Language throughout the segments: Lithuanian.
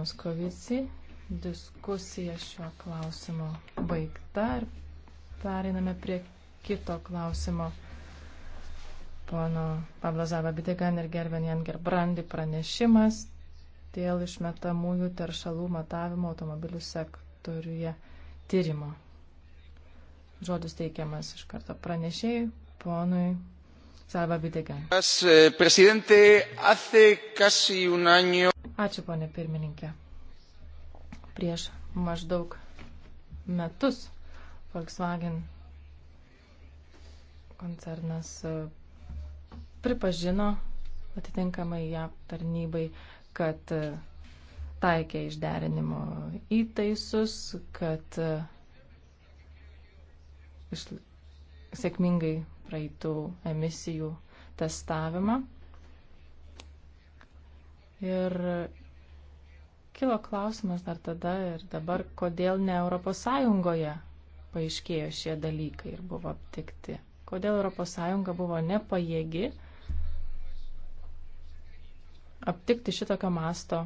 Moskovici. Diskusija šiuo klausimu baigta ir pereiname prie kito klausimo. Pono Pablo Zaba Bidegan ir Gervenian Gerbrandi pranešimas dėl išmetamųjų teršalų matavimo automobilių sektoriuje tyrimo. Žodis teikiamas iš karto pranešėjai ponui Salva Bidegan. Eh, Ačiū, ponė pirmininkė. Prieš maždaug metus Volkswagen koncernas e, pripažino atitinkamai JAV tarnybai, kad e, taikė išderinimo įtaisus, kad e, iš, sėkmingai praeitų emisijų testavimą. Ir kilo klausimas dar tada ir dabar, kodėl ne ES paaiškėjo šie dalykai ir buvo aptikti. Kodėl ES buvo nepajėgi aptikti šitokio masto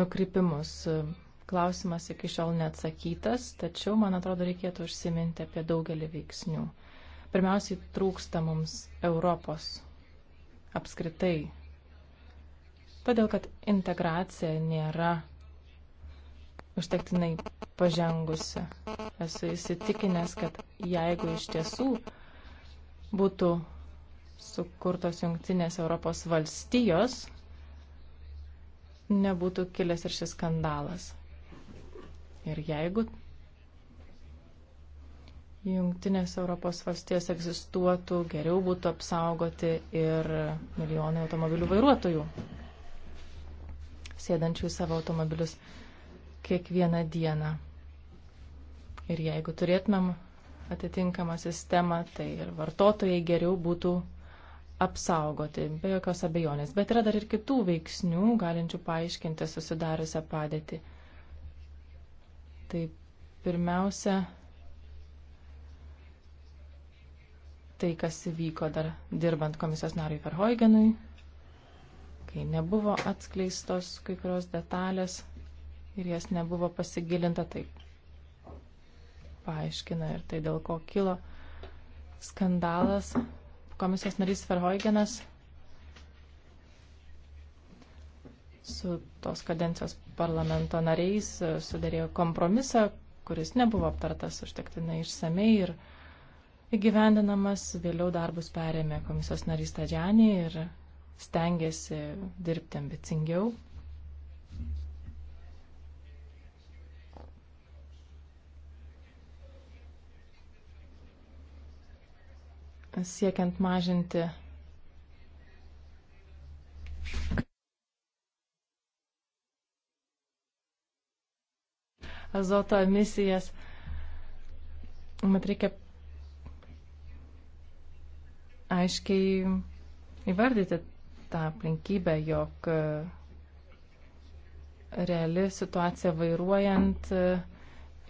nukrypimus Klausimas iki šiol neatsakytas, tačiau, man atrodo, reikėtų užsiminti apie daugelį veiksnių. Pirmiausiai, trūksta mums Europos apskritai, todėl kad integracija nėra užtektinai pažengusi. Esu įsitikinęs, kad jeigu iš tiesų būtų sukurtos jungtinės Europos valstijos, nebūtų kilęs ir šis skandalas. Ir jeigu Jungtinės Europos valstijos egzistuotų, geriau būtų apsaugoti ir milijonai automobilių vairuotojų, sėdančių į savo automobilius kiekvieną dieną. Ir jeigu turėtumėm atitinkamą sistemą, tai ir vartotojai geriau būtų apsaugoti, be jokios abejonės. Bet yra dar ir kitų veiksnių, galinčių paaiškinti susidariusią padėtį. Tai pirmiausia, tai, kas įvyko dar dirbant komisijos nariui Verhoigenui, kai nebuvo atskleistos kai kurios detalės ir jas nebuvo pasigilinta taip. Paaiškina ir tai, dėl ko kilo skandalas. Komisijos narys Verhoigenas su tos kadencijos parlamento nariais e, sudarėjo kompromisą, kuris nebuvo aptartas užtektinai išsamei ir įgyvendinamas. Vėliau darbus perėmė komisijos narys Tadžianį ir stengiasi dirbti ambicingiau. siekiant mažinti azoto emisijas. Mat reikia aiškiai įvardyti tą aplinkybę, jog e, reali situacija vairuojant e,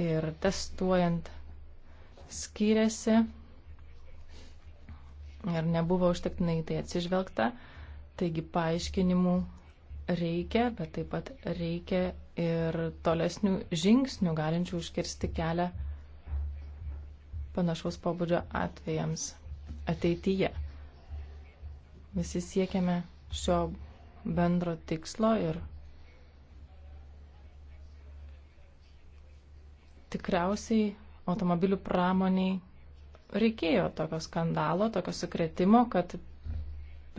ir testuojant skyrėsi ir nebuvo užtektinai tai atsižvelgta. Taigi paaiškinimų reikia, bet taip pat reikia ir tolesnių žingsnių galinčių užkirsti kelią panašaus pobūdžio atvejams ateityje. Visi siekiame šio bendro tikslo ir tikriausiai automobilių pramoniai reikėjo tokio skandalo, tokio sukretimo, kad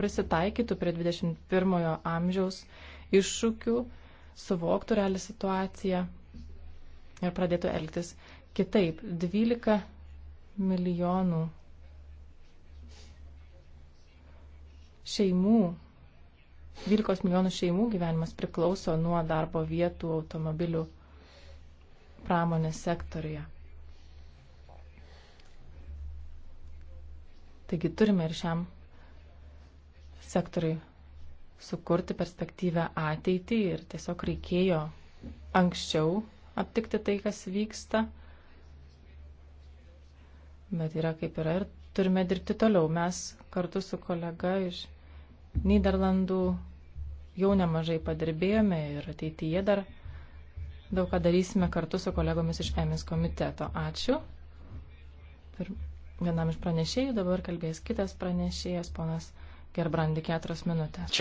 prisitaikytų prie 21 amžiaus iššūkių, suvoktų realią situaciją ir pradėtų elgtis kitaip. 12 milijonų šeimų, 12 milijonų šeimų gyvenimas priklauso nuo darbo vietų automobilių pramonės sektorija. Taigi turime ir šiam sektoriui sukurti perspektyvę ateitį ir tiesiog reikėjo anksčiau aptikti tai, kas vyksta. Bet yra kaip yra ir turime dirbti toliau. Mes kartu su kolega iš Niderlandų jau nemažai padirbėjome ir ateityje dar daug ką darysime kartu su kolegomis iš EMIS komiteto. Ačiū. Ir vienam iš pranešėjų dabar kalbės kitas pranešėjas, ponas. Gerbrandi keturios minutės.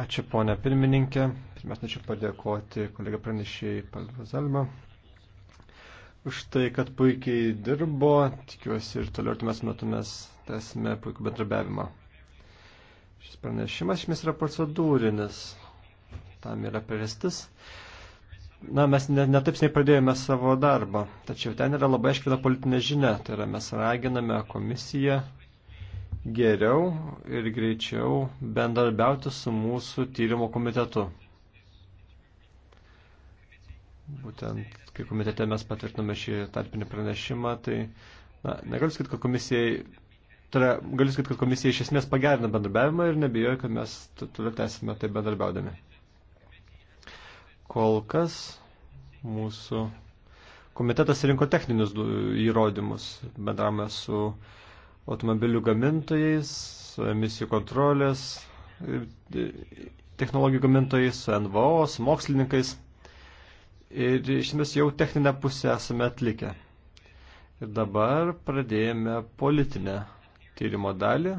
Ačiū ponia pirmininkė. Pirmiausia, norėčiau padėkoti kolega pranešėjai Palvazalba už tai, kad puikiai dirbo. Tikiuosi ir toliau artimės metu mes tęsime puikų bendrabiavimą. Šis pranešimas šimės yra procedūrinis. Tam yra priežastis. Na, mes netaip ne, ne pradėjome savo darbą, tačiau ten yra labai aiškina politinė žinia. Tai yra mes raginame komisiją geriau ir greičiau bendarbiauti su mūsų tyrimo komitetu. Būtent, kai komitete mes patvirtiname šį tarpinį pranešimą, tai na, negaliu sakyti, kad komisijai, tai yra, galiu sakyti, kad komisija iš esmės pagerina bendarbiavimą ir nebijoju, kad mes toliau tęsime tai bendarbiaudami. Kol kas mūsų komitetas rinko techninius įrodymus bendravome su uh, automobilių gamintojais, su emisijų kontrolės technologijų gamintojais, su NVO, su mokslininkais. Ir iš esmės jau techninę pusę esame atlikę. Ir dabar pradėjome politinę tyrimo dalį,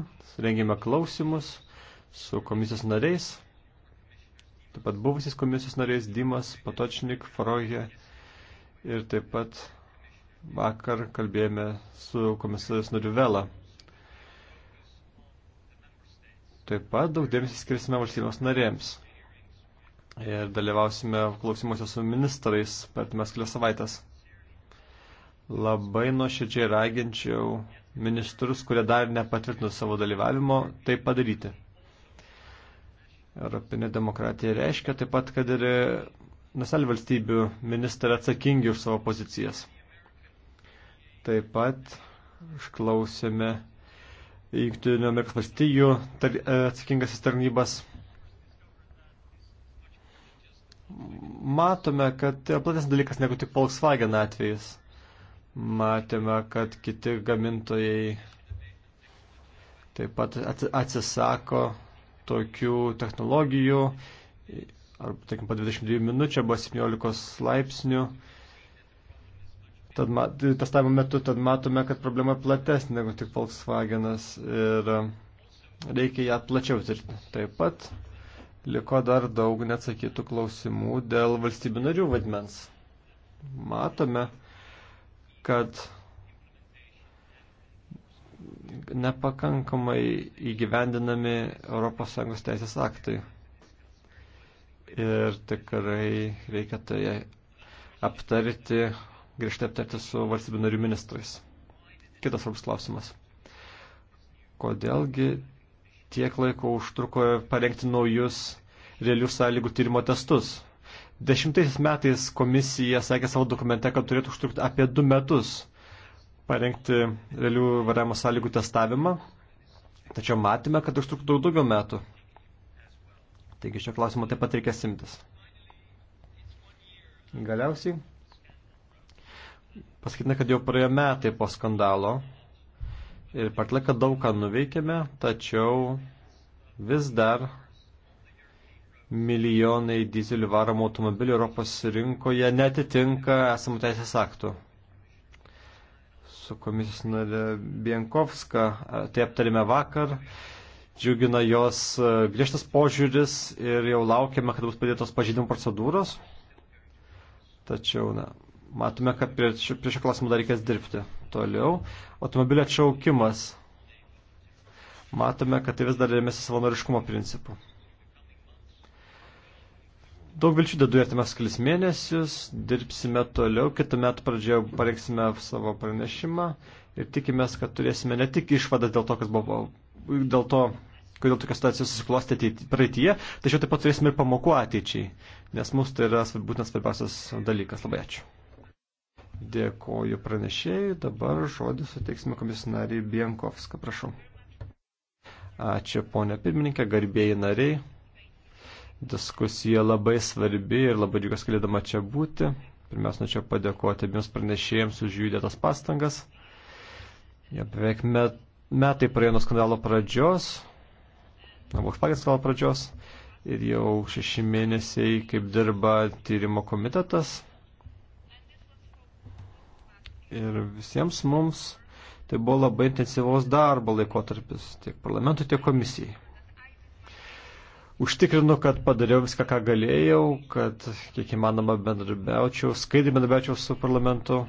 rengėme klausimus su komisijos nariais, taip pat buvusiais komisijos nariais Dimas, Patočnik, Froje ir taip pat Vakar kalbėjome su komisarės Nurivela. Taip pat daug dėmesį skirsime valstybėms narėms. Ir dalyvausime klausimuose su ministrais per mes kelias savaitės. Labai nuoširdžiai raginčiau ministrus, kurie dar nepatvirtino savo dalyvavimo, tai padaryti. Europinė demokratija reiškia taip pat, kad ir nesal valstybių ministrai atsakingi už savo pozicijas. Taip pat išklausėme Junktinių Amerikos valstijų tar, e, atsakingasis tarnybas. Matome, kad tai yra platesnis dalykas negu tik Volkswagen atvejis. Matėme, kad kiti gamintojai taip pat atsisako tokių technologijų, arba, tarkim, po 22 minučių arba 17 laipsnių Tad testavimo metu tad matome, kad problema platesnė negu tik Volkswagenas ir e, reikia ją plačiau tirti. Taip pat liko dar daug neatsakytų klausimų dėl valstybių narių vaidmens. Matome, kad nepakankamai įgyvendinami ES teisės aktai. Ir tikrai reikia tai aptarti grįžtai aptarti su valstybių narių ministrais. Kitas svarbus klausimas. Kodėlgi tiek laiko užtruko parengti naujus realių sąlygų tyrimo testus? Dešimtais metais komisija sakė savo dokumente, kad turėtų užtrukti apie du metus parengti realių variavimo sąlygų testavimą, tačiau matėme, kad užtruktų daug daugiau metų. Taigi šio klausimo taip pat reikės simtis. Galiausiai Pasakytina, kad jau praėjo metai po skandalo ir per laiką daug ką nuveikėme, tačiau vis dar milijonai dizelių varomų automobilių Europos rinkoje netitinka esamų teisės aktų. Su komisijos narė Bienkovska tai aptarėme vakar. Džiugina jos griežtas požiūris ir jau laukiame, kad bus padėtos pažydimų procedūros. Tačiau, na, Matome, kad prie šio, prie šio klausimo dar reikės dirbti. Toliau. Automobilio atšaukimas. Matome, kad tai vis dar remiasi savanoriškumo principu. Daug vilčių dedu artimas kelis mėnesius, dirbsime toliau, kitą metą pradžioje pareiksime savo pranešimą ir tikimės, kad turėsime ne tik išvadą dėl to, kas buvo, dėl to, kodėl tokia situacija susiklostė praeitie, tačiau taip pat turėsime ir pamokų ateičiai, nes mums tai yra būtent svarbiausias dalykas. Labai ačiū. Dėkoju pranešėjai. Dabar žodį suteiksime komisinariai Bienkovską. Prašau. Ačiū, ponė pirmininkė, garbėjai nariai. Diskusija labai svarbi ir labai džiugas galėdama čia būti. Pirmiausia, norėčiau padėkoti abiems pranešėjams už jų įdėtas pastangas. Ja, beveik met, metai praėjo nuo skandalo pradžios, nuo Volkswagen skandalo pradžios ir jau šeši mėnesiai, kaip dirba tyrimo komitetas ir visiems mums tai buvo labai intensyvaus darbo laikotarpis tiek parlamentui, tiek komisijai. Užtikrinu, kad padariau viską, ką galėjau, kad kiek įmanoma bendrabiaučiau, skaidriai bendrabiaučiau su parlamentu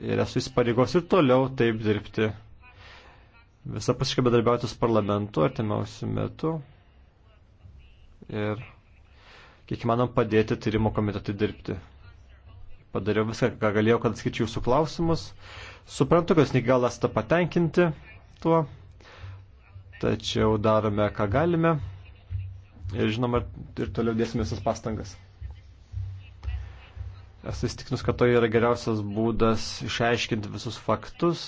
ir esu įsipareigos ir toliau taip dirbti. Visapusiškai bendrabiauti su parlamentu artimiausių metų ir kiek įmanom padėti tyrimo komitetui dirbti padariau viską, ką galėjau, kad atskirčiau jūsų klausimus. Suprantu, kad jūs negal esate patenkinti tuo, tačiau darome, ką galime ir žinoma, ir toliau dėsime visas pastangas. Esu įstikinus, kad to tai yra geriausias būdas išaiškinti visus faktus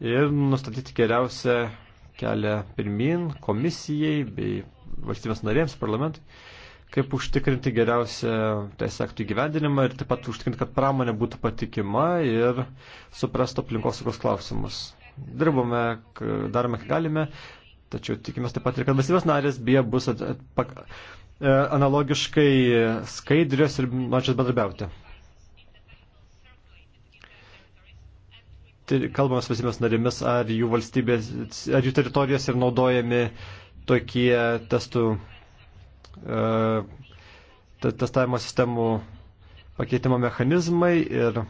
ir nustatyti geriausią kelią pirmin komisijai bei valstybės narėms, parlamentui kaip užtikrinti geriausią teisės aktų įgyvendinimą ir taip pat užtikrinti, kad pramonė būtų patikima ir suprastų aplinkosaugos klausimus. Dirbame, darome, ką galime, tačiau tikimės taip pat ir, kad valstybės narės bija bus at, at, pak, e, analogiškai skaidrios ir mačias bendrabiauti. Kalbame su valstybės narėmis, ar jų valstybės, ar jų teritorijos ir naudojami tokie testų E, testavimo sistemų pakeitimo mechanizmai ir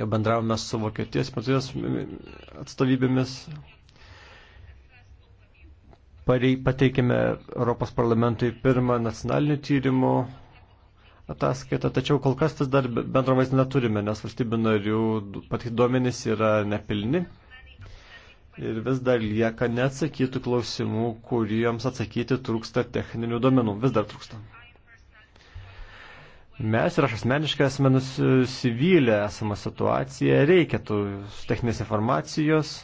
jau bendravome su Vokietijos, Prancūzijos atstovybėmis. Pateikėme Europos parlamentui pirmą nacionalinių tyrimų ataskaitą, tačiau kol kas tas dar bendro vaizdo neturime, nes valstybių narių patikti duomenys yra nepilni ir vis dar lieka neatsakytų klausimų, kuriems atsakyti trūksta techninių domenų. Vis dar trūksta. Mes ir aš asmeniškai esame nusivylę esamą situaciją, reikia tų techninės informacijos,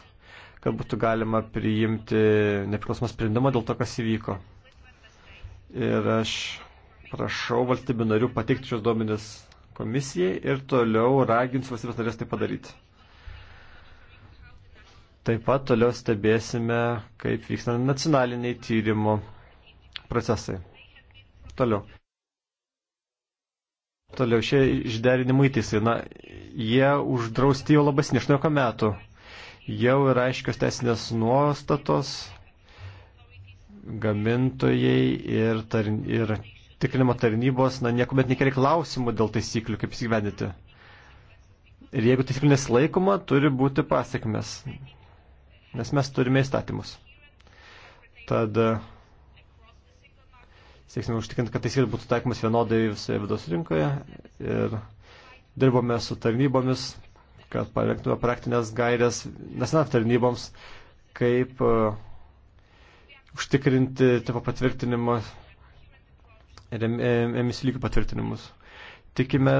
kad būtų galima priimti nepriklausomą sprendimą dėl to, kas įvyko. Ir aš prašau valstybių narių pateikti šios duomenis komisijai ir toliau raginsiu valstybės narės tai padaryti. Taip pat toliau stebėsime, kaip vyksta nacionaliniai tyrimo procesai. Toliau. Toliau šie išderinimai teisai. Na, jie uždrausti jau labai sniešnioko metų. Jau yra aiškios teisinės nuostatos, gamintojai ir, tar, ir tikrinimo tarnybos, na, niekuomet nekelia klausimų dėl taisyklių, kaip įsigyvendinti. Ir jeigu taisyklių nesilaikoma, turi būti pasiekmes nes mes turime įstatymus. Tad e, sieksime užtikrinti, kad taisyklės būtų taikomas vienodai visoje vidaus rinkoje ir dirbome su tarnybomis, kad parengtume praktinės gairės nesenat tarnyboms, kaip uh, užtikrinti tipo patvirtinimo ir e, emisijų lygių patvirtinimus. Tikime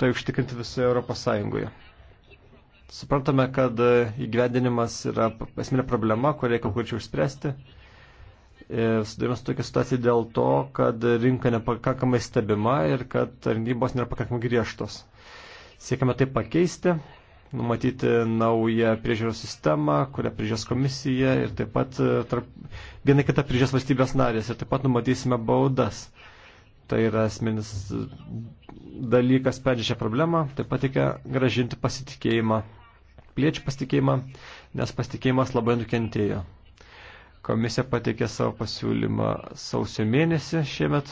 tai užtikrinti visoje Europos Sąjungoje. Suprantame, kad įgyvendinimas yra esminė problema, kurią reikia kurčiau išspręsti. E, Sudarėmės tokią situaciją dėl to, kad rinka nepakankamai stebima ir kad tarnybos nėra pakankamai griežtos. Siekime tai pakeisti, numatyti naują priežiūros sistemą, kurią priežiūros komisija ir taip pat e, tarp, viena kita priežiūros valstybės narės ir taip pat numatysime baudas tai yra esminis dalykas, sprendžia šią problemą, taip pat reikia gražinti pasitikėjimą piliečių pasitikėjimą, nes pasitikėjimas labai nukentėjo. Komisija pateikė savo pasiūlymą sausio mėnesį šiemet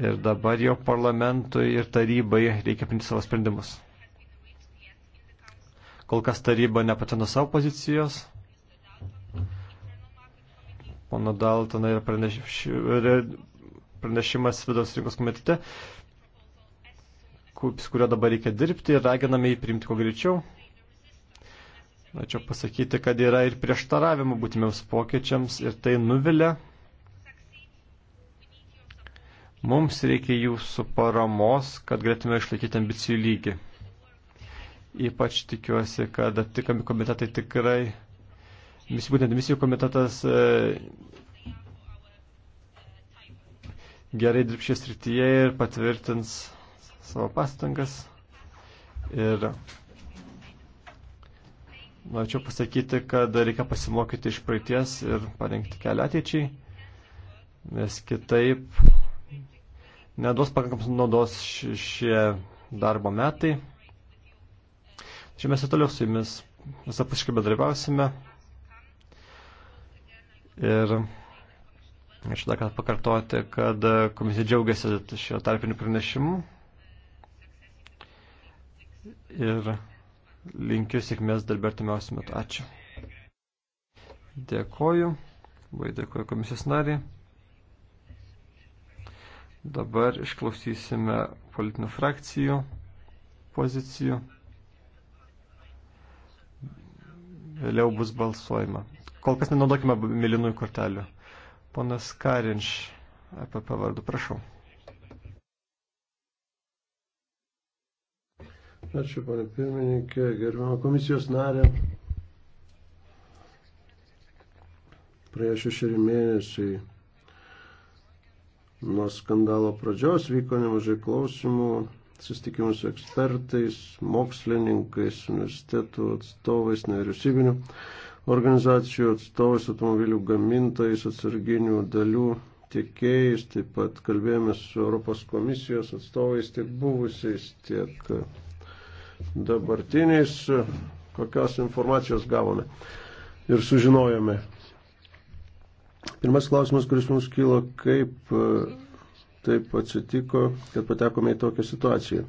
ir dabar jo parlamentui ir tarybai reikia priimti savo sprendimus. Kol kas taryba nepatino savo pozicijos. Pono Daltona yra praneš... pranešimas vidaus rinkos komitete su kuriuo dabar reikia dirbti ir raginame jį priimti kuo greičiau. Norėčiau pasakyti, kad yra ir prieštaravimų būtimiams pokyčiams ir tai nuvilia. Mums reikia jūsų paramos, kad galėtume išlaikyti ambicijų lygį. Ypač tikiuosi, kad aptikami komitetai tikrai, visi būtent misijų komitetas e, gerai dirbšės rytyje ir patvirtins savo pastangas ir norėčiau pasakyti, kad reikia pasimokyti iš praeities ir parengti kelią ateičiai, nes kitaip neduos pakankams naudos šie darbo metai. Čia mes ir toliau su jumis visapuškai bedarbiausime. Ir aš dar kartą pakartoti, kad komisija džiaugiasi šio tarpinių pranešimų ir linkiu sėkmės darbę artimiausiu metu. Ačiū. Dėkoju. Vai dėkoju komisijos nariai. Dabar išklausysime politinių frakcijų pozicijų. Vėliau bus balsuojama. Kol kas nenaudokime milinųjų kortelių. Ponas Karinš, apie pavardų, prašau. Ačiū, panė pirmininkė, gerbimo komisijos narė. Praėjo šešeri mėnesiai nuo skandalo pradžios vyko nemažai klausimų, susitikimų su ekspertais, mokslininkais, universitetų atstovais, nevyriausybinių organizacijų atstovais, automobilių gamintojais, atsarginių dalių tiekėjais, taip pat kalbėjome su Europos komisijos atstovais, tiek buvusiais, tiek dabartiniais, kokios informacijos gavome ir sužinojome. Pirmas klausimas, kuris mums kilo, kaip e, taip atsitiko, kad patekome į tokią situaciją.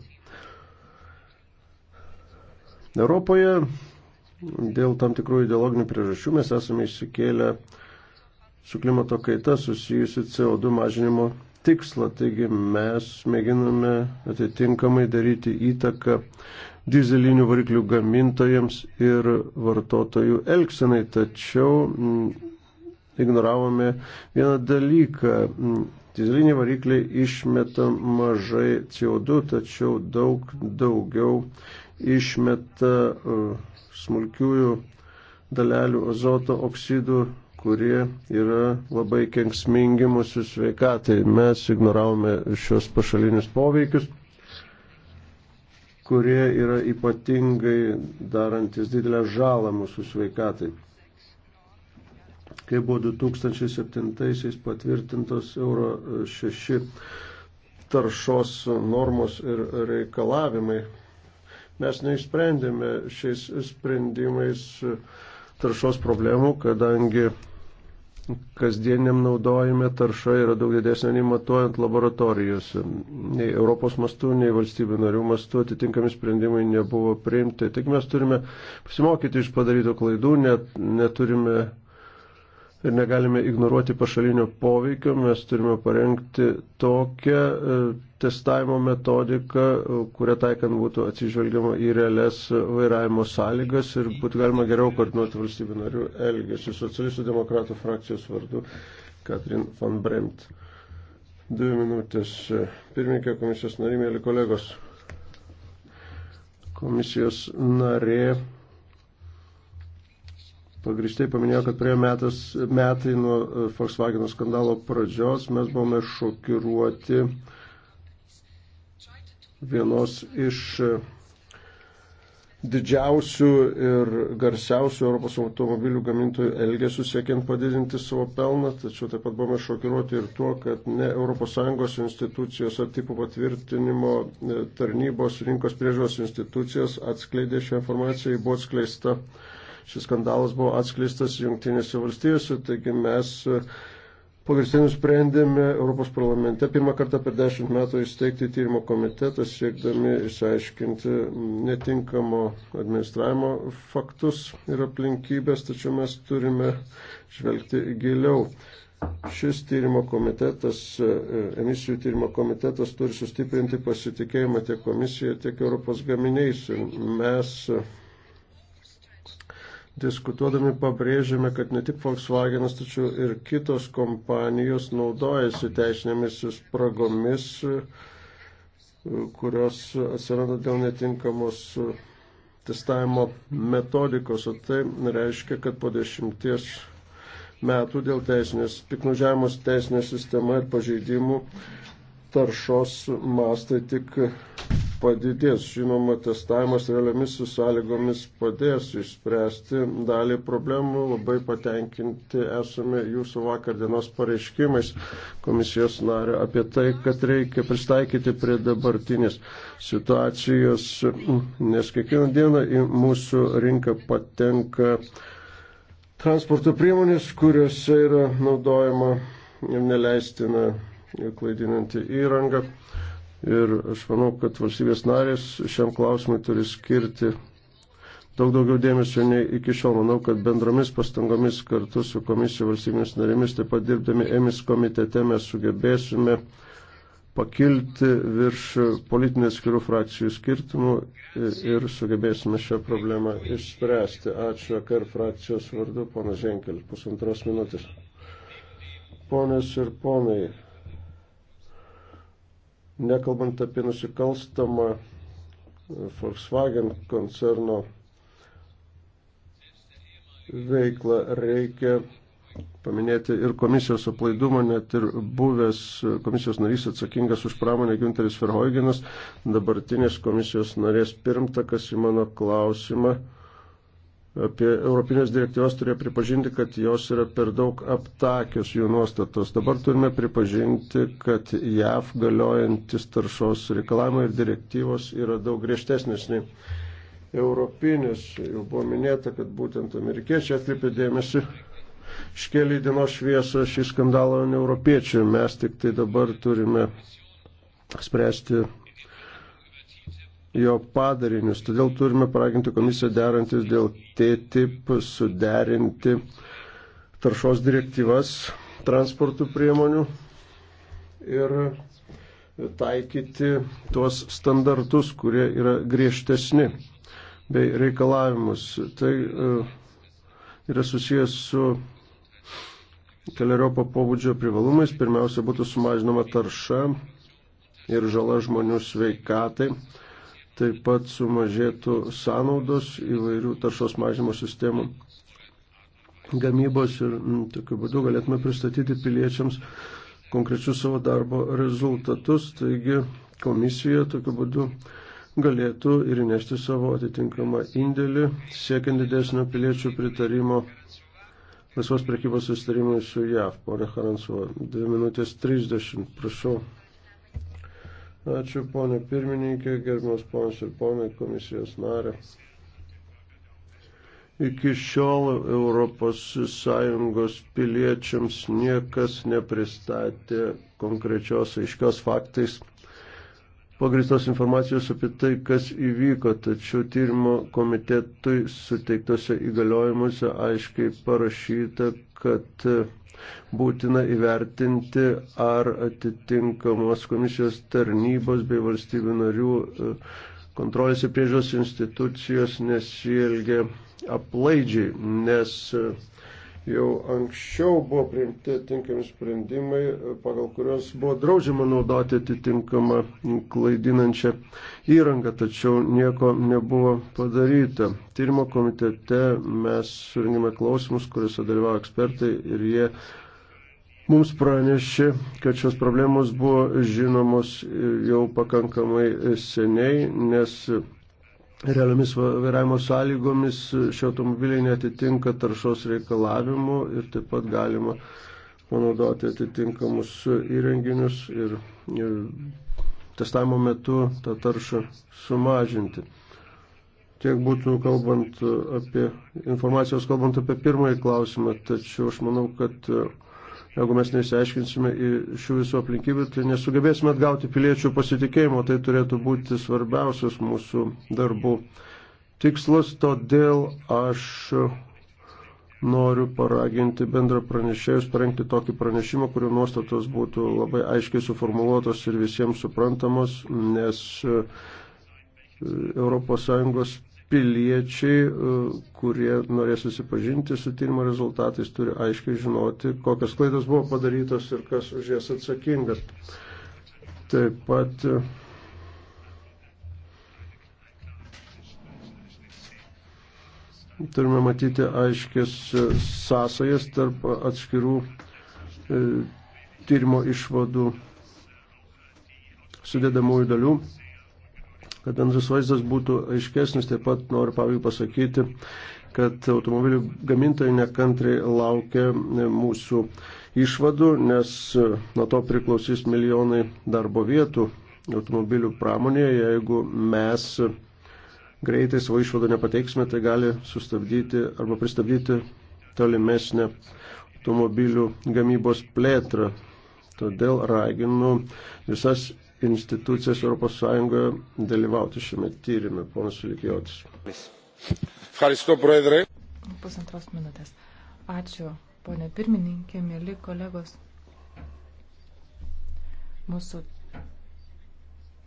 Europoje dėl tam tikrų ideologinių priežasčių mes esame išsikėlę su klimato kaita susijusi CO2 mažinimo tikslą. Taigi mes mėginame atitinkamai daryti įtaką dizelinių variklių gamintojams ir vartotojų elgsenai. Tačiau mm, ignoravome vieną dalyką. Mm, dizeliniai varikliai išmeta mažai CO2, tačiau daug daugiau išmeta uh, smulkiųjų dalelių azoto oksidų kurie yra labai kenksmingi mūsų sveikatai. Mes ignoravome šios pašalinius poveikius kurie yra ypatingai darantis didelę žalą mūsų sveikatai. Kai buvo 2007-aisiais patvirtintos Euro 6 taršos normos ir reikalavimai, mes neišsprendėme šiais sprendimais taršos problemų, kadangi kasdieniam naudojime tarša yra daug didesnė nei matuojant laboratorijose. Nei Europos mastu, nei valstybių narių mastu atitinkami sprendimai nebuvo priimti. Tik mes turime pasimokyti iš padarytų klaidų, net, neturime ir negalime ignoruoti pašalinio poveikio, mes turime parengti tokią e, testavimo metodika, kurią taikant būtų atsižvelgiama į realias vairavimo sąlygas ir būtų galima geriau koordinuoti valstybių narių elgesį. Socialistų demokratų frakcijos vardu Katrin van Bremt. Dvi minutės. Pirmininkė komisijos nariai, mėly kolegos. Komisijos narė pagristai paminėjo, kad prie metas, metai nuo Volkswagen skandalo pradžios mes buvome šokiruoti uh, vienos iš e, didžiausių ir garsiausių Europos automobilių gamintojų elgesių siekiant padidinti savo pelną, tačiau taip pat buvome šokiruoti ir tuo, kad ne ES institucijos ar tipo patvirtinimo e, tarnybos rinkos priežiūros institucijos atskleidė šią informaciją, ji buvo atskleista, šis skandalas buvo atskleistas Junktinėse valstijose, taigi mes e, Pagrįstai nusprendėme Europos parlamente pirmą kartą per dešimt metų įsteigti tyrimo komitetą, siekdami išsiaiškinti netinkamo administravimo faktus ir aplinkybės, tačiau mes turime žvelgti giliau. Šis tyrimo komitetas, e, emisijų tyrimo komitetas turi sustiprinti pasitikėjimą tiek komisiją, tiek Europos gaminiais. Ir mes diskutuodami pabrėžėme, kad ne tik Volkswagenas, tačiau ir kitos kompanijos naudojasi teisinėmis spragomis, kurios atsiranda dėl netinkamos testavimo metodikos. O tai reiškia, kad po dešimties metų dėl teisinės, piknužiavimos teisinė sistema ir pažeidimų taršos mastai tik padidės. Žinoma, testavimas realiomis sąlygomis padės išspręsti dalį problemų. Labai patenkinti esame jūsų vakardienos pareiškimais komisijos nario apie tai, kad reikia pristaikyti prie dabartinės situacijos, nes kiekvieną dieną į mūsų rinką patenka transporto priemonės, kuriuose yra naudojama neleistina klaidinanti įranga. Ir aš manau, kad valstybės narės šiam klausimui turi skirti daug daugiau dėmesio nei iki šiol. Manau, kad bendromis pastangomis kartu su komisija valstybės narėmis, taip pat dirbdami emis komitete, mes sugebėsime pakilti virš politinės skirų frakcijų skirtumų ir sugebėsime šią problemą išspręsti. Ačiū, KR frakcijos vardu, ponas Ženkelis, pusantros minutės. Ponas ir ponai nekalbant apie nusikalstamą e, Volkswagen koncerno veiklą, reikia paminėti ir komisijos aplaidumą, net ir buvęs komisijos narys atsakingas už pramonę Günteris Ferhoiginas, dabartinės komisijos narės pirmtakas į mano klausimą apie Europinės direktyvos turėjo pripažinti, kad jos yra per daug aptakios jų nuostatos. Dabar turime pripažinti, kad JAV galiojantis taršos reikalavimai ir direktyvos yra daug griežtesnės nei europinės. Jau buvo minėta, kad būtent amerikiečiai atkreipė dėmesį iškėlė į dienos šviesą šį skandalą ne europiečių. Mes tik tai dabar turime spręsti jo padarinius. Todėl turime paraginti komisiją derantis dėl TTIP suderinti taršos direktyvas transportų priemonių ir taikyti tuos standartus, kurie yra griežtesni bei reikalavimus. Tai e, yra susijęs su keliariopo pobūdžio privalumais. Pirmiausia, būtų sumažinama tarša ir žala žmonių sveikatai taip pat sumažėtų sąnaudos įvairių taršos mažimo sistemų gamybos ir mm, tokiu būdu galėtume pristatyti piliečiams konkrečius savo darbo rezultatus. Taigi komisija tokiu būdu galėtų ir nešti savo atitinkamą indėlį, siekiant didesnio piliečių pritarimo laisvos prekybos sustarimui su JAV. Pone Haransuo, 2 minutės 30, prašau. Ačiū ponė pirmininkė, gerbiamas ponas ir ponai komisijos narė. Iki šiol ES piliečiams niekas nepristatė konkrečios aiškios faktais pagristos informacijos apie tai, kas įvyko, tačiau tyrimo komitetui suteiktose įgaliojimuose aiškiai parašyta, kad būtina įvertinti, ar atitinkamos komisijos tarnybos bei valstybių narių e, kontrolės ir priežiūros institucijos nesielgia aplaidžiai, nes e, jau anksčiau buvo priimti tinkami sprendimai, pagal kurios buvo draudžiama naudoti atitinkamą klaidinančią įrangą, tačiau nieko nebuvo padaryta. Tyrimo komitete mes surinkime klausimus, kuriuose dalyvavo ekspertai ir jie mums pranešė, kad šios problemos buvo žinomos jau pakankamai seniai, nes realiomis vairavimo sąlygomis šie automobiliai netitinka taršos reikalavimų ir taip pat galima panaudoti atitinkamus įrenginius ir, ir testavimo metu tą taršą sumažinti. Tiek būtų kalbant apie informacijos, kalbant apie pirmąjį klausimą, tačiau aš manau, kad Jeigu mes nesiaiškinsime šių visų aplinkybių, tai nesugebėsime atgauti piliečių pasitikėjimo. Tai turėtų būti svarbiausias mūsų darbų tikslas. Todėl aš noriu paraginti bendra pranešėjus parengti tokį pranešimą, kurio nuostatos būtų labai aiškiai suformuoluotos ir visiems suprantamos, nes ES piliečiai, e, kurie norės susipažinti su tyrimo rezultatais, turi aiškiai žinoti, kokios klaidos buvo padarytos ir kas už jas atsakingas. Taip pat e, turime matyti aiškės e, sąsajas tarp atskirų tyrimo išvadų sudėdamųjų dalių kad bendras vaizdas būtų aiškesnis. Taip pat noriu pavyzdžiui pasakyti, kad automobilių gamintojai nekantriai laukia mūsų išvadų, nes e, nuo to priklausys milijonai darbo vietų automobilių pramonėje. Jeigu mes greitai savo išvadų nepateiksime, tai gali sustabdyti arba pristabdyti tolimesnę automobilių gamybos plėtrą. Todėl raginu visas institucijas ES dalyvauti šiame tyrimė, ponas Likijotis. Pusantros minutės. Ačiū, ponė pirmininkė, mėly kolegos. Mūsų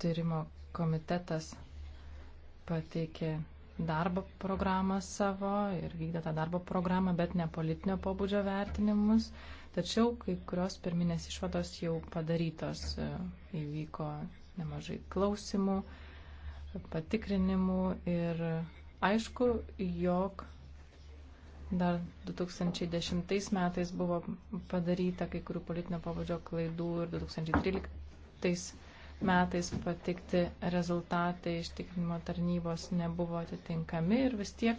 tyrimo komitetas pateikė darbo programą savo ir vykdė tą darbo programą, bet ne politinio pobūdžio vertinimus. Tačiau kai kurios pirminės išvados jau padarytos. E, įvyko nemažai klausimų, patikrinimų ir aišku, jog dar 2010 metais buvo padaryta kai kurių politinio pavadžio klaidų ir 2013 metais patikti rezultatai ištikrinimo tarnybos nebuvo atitinkami ir vis tiek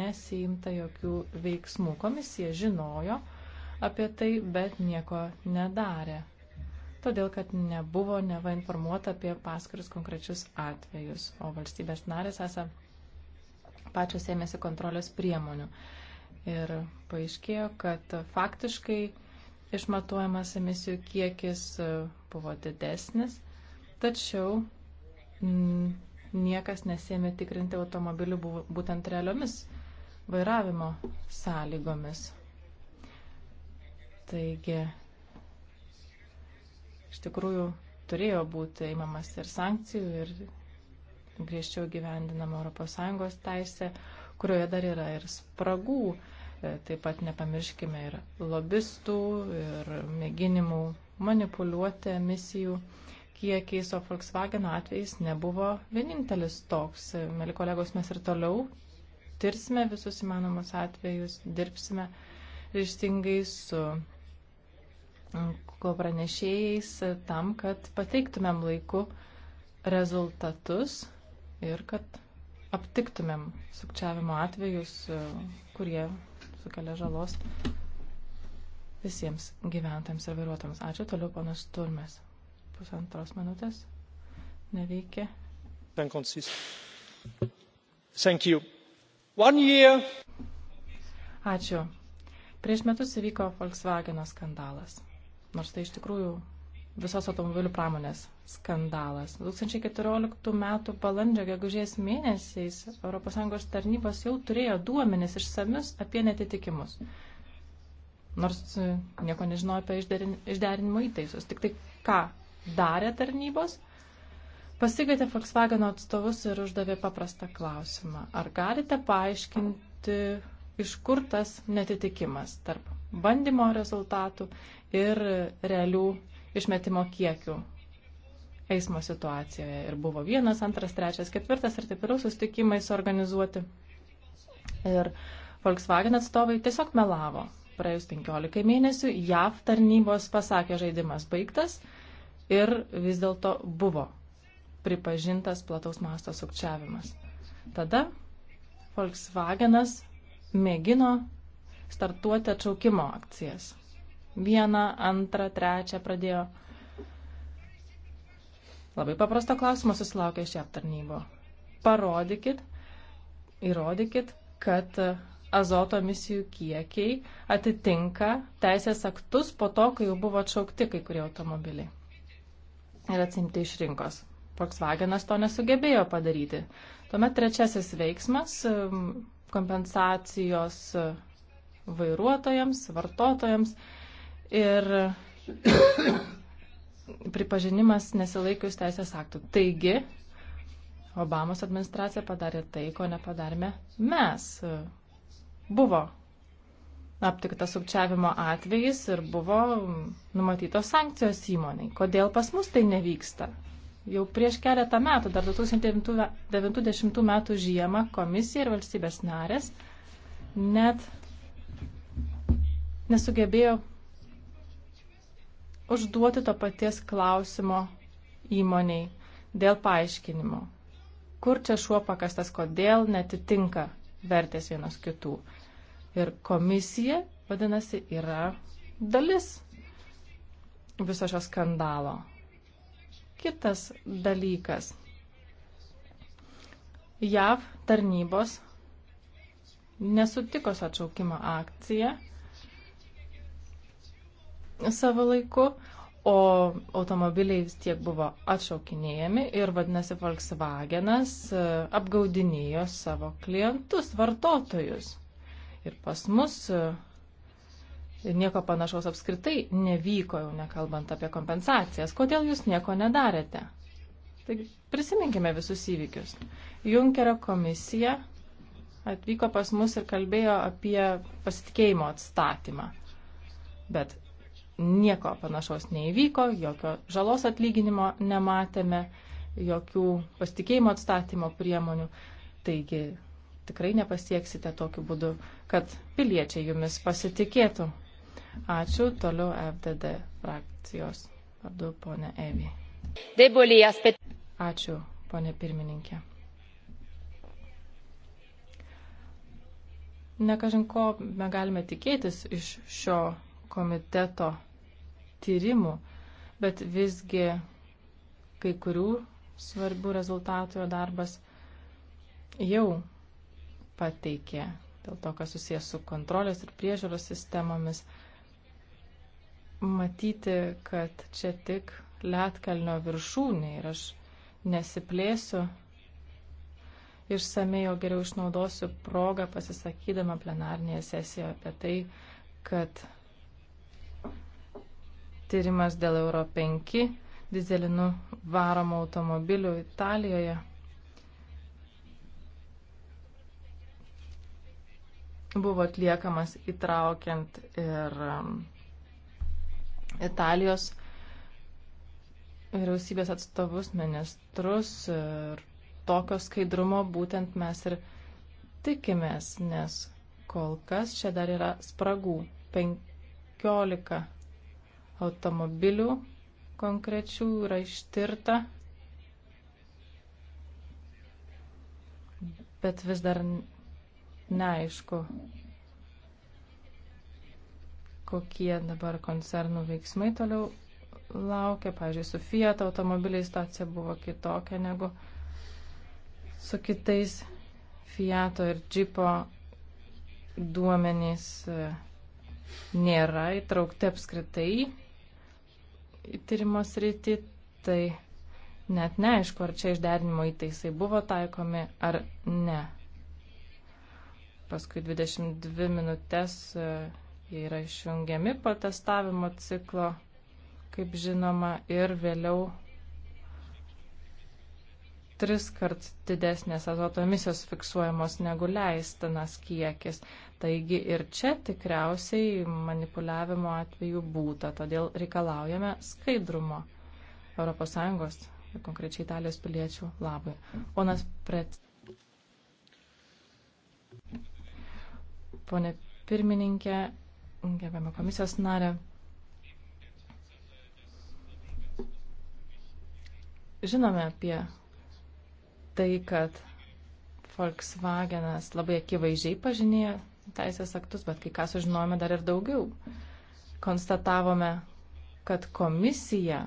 nesiimta jokių veiksmų. Komisija žinojo, apie tai, bet nieko nedarė. Todėl, kad nebuvo neva informuota apie paskirus konkrečius atvejus, o valstybės narės esą pačios ėmėsi kontrolės priemonių. Ir paaiškėjo, kad faktiškai išmatuojamas emisijų kiekis buvo didesnis, tačiau niekas nesėmė tikrinti automobilių būtent realiomis vairavimo sąlygomis. Taigi, iš tikrųjų, turėjo būti įmamas ir sankcijų, ir griežčiau gyvendinama ES teisė, kurioje dar yra ir spragų. E, taip pat nepamirškime ir lobistų, ir mėginimų manipuliuoti emisijų kiekiais, o Volkswagen atvejais nebuvo vienintelis toks. E, mėly kolegos, mes ir toliau tirsime visus įmanomus atvejus, dirbsime ryštingai su ko pranešėjais tam, kad pateiktumėm laiku rezultatus ir kad aptiktumėm sukčiavimo atvejus, e, kurie sukelia žalos visiems gyventams ir vairuotams. Ačiū toliau, panas Turmes. Pusantros minutės. Neveikia. Thank you. One year. Ačiū. Prieš metus įvyko Volkswagen skandalas nors tai iš tikrųjų visos automobilių pramonės skandalas. 2014 m. balandžio gegužės mėnesiais ES tarnybos jau turėjo duomenis išsamius apie netitikimus. Nors e, nieko nežinojo apie išderin, išderinimo įtaisus. Tik tai ką darė tarnybos? Pasikvietė Volkswagen atstovus ir uždavė paprastą klausimą. Ar galite paaiškinti, iš kur tas netitikimas tarp bandymo rezultatų ir realių išmetimo kiekių eismo situacijoje. Ir buvo vienas, antras, trečias, ketvirtas ir taip toliau susitikimai suorganizuoti. Ir Volkswagen atstovai tiesiog melavo. Praėjus 15 mėnesių JAV tarnybos pasakė žaidimas baigtas ir vis dėlto buvo pripažintas plataus masto sukčiavimas. Tada Volkswagenas mėgino startuoti atšaukimo akcijas. Vieną, antrą, trečią pradėjo. Labai paprasto klausimo susilaukė iš jav tarnybo. Parodykit, įrodykit, kad azoto emisijų kiekiai atitinka teisės aktus po to, kai jau buvo atšaukti kai kurie automobiliai ir atsimti iš rinkos. Volkswagenas to nesugebėjo padaryti. Tuomet trečiasis veiksmas um, - kompensacijos vairuotojams, vartotojams ir pripažinimas nesilaikius teisės aktų. Taigi, Obamos administracija padarė tai, ko nepadarėme mes. Buvo aptiktas sukčiavimo atvejis ir buvo numatytos sankcijos įmoniai. Kodėl pas mus tai nevyksta? Jau prieš keletą metų, dar 2090 metų žiemą, komisija ir valstybės narės net nesugebėjo užduoti to paties klausimo įmoniai dėl paaiškinimo. Kur čia šuo pakastas, kodėl netitinka vertės vienos kitų. Ir komisija, vadinasi, yra dalis viso šio skandalo. Kitas dalykas. JAV tarnybos nesutiko su atšaukimo akcija savo laiku, o automobiliai vis tiek buvo atšaukinėjami ir vadinasi Volkswagenas e, apgaudinėjo savo klientus, vartotojus. Ir pas mus e, nieko panašaus apskritai nevyko, jau nekalbant apie kompensacijas. Kodėl jūs nieko nedarėte? Taigi prisiminkime visus įvykius. Junkerio komisija atvyko pas mus ir kalbėjo apie pasitikėjimo atstatymą. Bet nieko panašaus neįvyko, jokio žalos atlyginimo nematėme, jokių pasitikėjimo atstatymo priemonių. Taigi tikrai nepasieksite tokiu būdu, kad piliečiai jumis pasitikėtų. Ačiū, toliau FDD frakcijos vardu ponė Evi. Ačiū, ponė pirmininkė. Nekažin ko negalime tikėtis iš šio komiteto tyrimų, bet visgi kai kurių svarbių rezultatų jo darbas jau pateikė dėl to, kas susijęs su kontrolės ir priežiūros sistemomis. Matyti, kad čia tik Lietkalnio viršūnė ir aš nesiplėsiu išsamei, o geriau išnaudosiu progą pasisakydama plenarnėje sesijoje apie tai, kad tyrimas dėl Euro 5 dizelinu varomų automobilių Italijoje. Buvo atliekamas įtraukiant ir um, Italijos vyriausybės atstovus, ministrus ir tokio skaidrumo būtent mes ir tikimės, nes kol kas čia dar yra spragų 15 automobilių konkrečių yra ištirta, bet vis dar neaišku, kokie dabar koncernų veiksmai toliau laukia. Pavyzdžiui, su Fiat automobiliais situacija buvo kitokia negu su kitais Fiato ir Džipo duomenys. E, nėra įtraukti apskritai į tyrimo sritį, tai net neaišku, ar čia išderinimo įtaisai buvo taikomi ar ne. Paskui 22 minutės e, jie yra išjungiami protestavimo ciklo, kaip žinoma, ir vėliau tris kart didesnės azoto emisijos fiksuojamos negu leistinas kiekis. Taigi ir čia tikriausiai manipuliavimo atveju būta, todėl reikalaujame skaidrumo ES ir konkrečiai Italijos piliečių labui. Ponas Pret. Pone pirmininkė, gerbiamą komisijos narę. Žinome apie tai, kad Volkswagenas labai akivaizdžiai pažinėjo teisės aktus, bet kai ką sužinojome dar ir daugiau. Konstatavome, kad komisija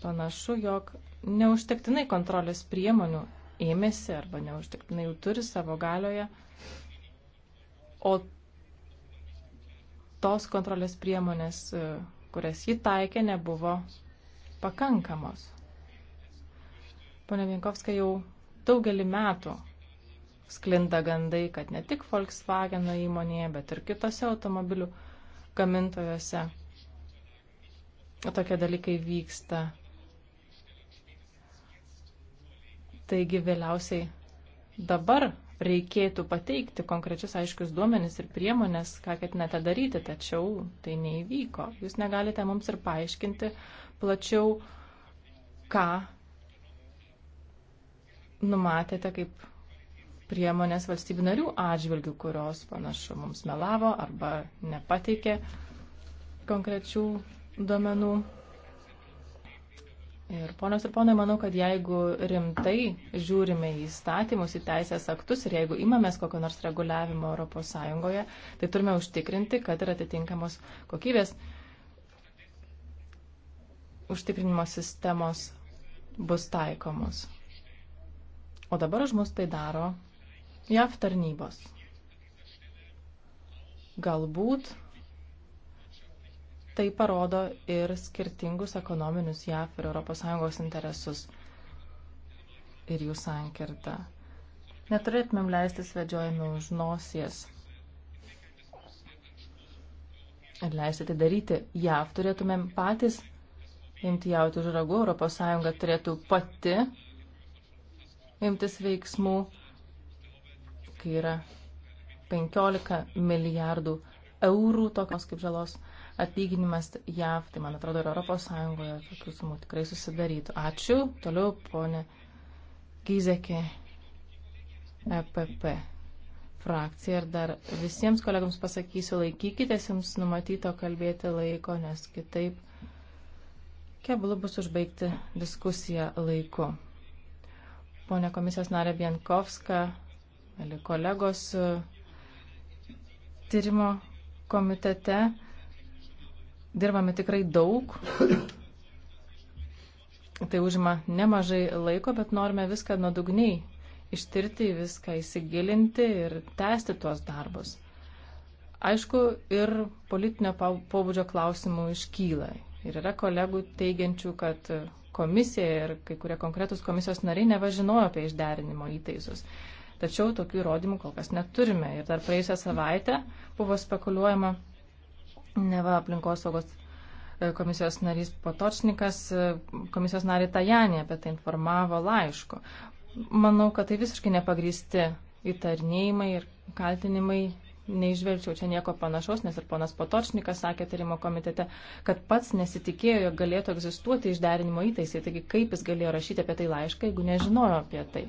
panašu, jog neužtektinai kontrolės priemonių ėmėsi arba neužtektinai jų turi savo galioje, o tos kontrolės priemonės, e, kurias ji taikė, nebuvo pakankamos. Pone Vienkovska, jau daugelį metų sklinda gandai, kad ne tik Volkswagen įmonėje, bet ir kitose automobilių gamintojose tokie dalykai vyksta. Taigi vėliausiai dabar reikėtų pateikti konkrečius aiškius duomenis ir priemonės, ką ketinate daryti, tačiau tai neįvyko. Jūs negalite mums ir paaiškinti plačiau, ką numatėte kaip priemonės valstybių narių atžvilgių, kurios panašu mums melavo arba nepateikė konkrečių duomenų. Ir ponios ir ponai, manau, kad jeigu rimtai žiūrime į įstatymus, į teisės aktus ir jeigu imamės kokio nors reguliavimo ES, tai turime užtikrinti, kad yra atitinkamos kokybės užtikrinimo sistemos bus taikomos. O dabar už mus tai daro JAV tarnybos. Galbūt tai parodo ir skirtingus ekonominius JAV ir ES interesus ir jų sankirtą. Neturėtumėm leistis vedžiojami už nosies ir leisti tai daryti. JAV turėtumėm patys imti jauti už ragų, ES turėtų pati imtis veiksmų, kai yra 15 milijardų eurų tokios kaip žalos atlyginimas JAV, tai man atrodo ir Europos Sąjungoje tokių sumų tikrai susidarytų. Ačiū. Toliau, ponė Gizekė, EPP frakcija ir dar visiems kolegams pasakysiu, laikykitės jums numatyto kalbėti laiko, nes kitaip keblu bus užbaigti diskusiją laiku ponė komisijos narė Bienkovska, mėly kolegos tyrimo komitete. Dirbame tikrai daug. Tai užima nemažai laiko, bet norime viską nuodugniai ištirti, viską įsigilinti ir tęsti tuos darbus. Aišku, ir politinio pobūdžio klausimų iškyla. Ir yra kolegų teigiančių, kad komisija ir kai kurie konkretus komisijos nariai nevažinojo apie išderinimo įtaisus. Tačiau tokių įrodymų kol kas neturime. Ir dar praėjusią savaitę buvo spekuliuojama, neva aplinkosaugos e, komisijos narys Potočnikas, e, komisijos narį Tajanį apie tai informavo laišku. Manau, kad tai visiškai nepagristi įtarnėjimai ir kaltinimai neižvelgčiau čia nieko panašaus, nes ir ponas Potočnikas sakė tarimo komitete, kad pats nesitikėjo, jog galėtų egzistuoti išderinimo įtaisai. Taigi kaip jis galėjo rašyti apie tai laišką, jeigu nežinojo apie tai.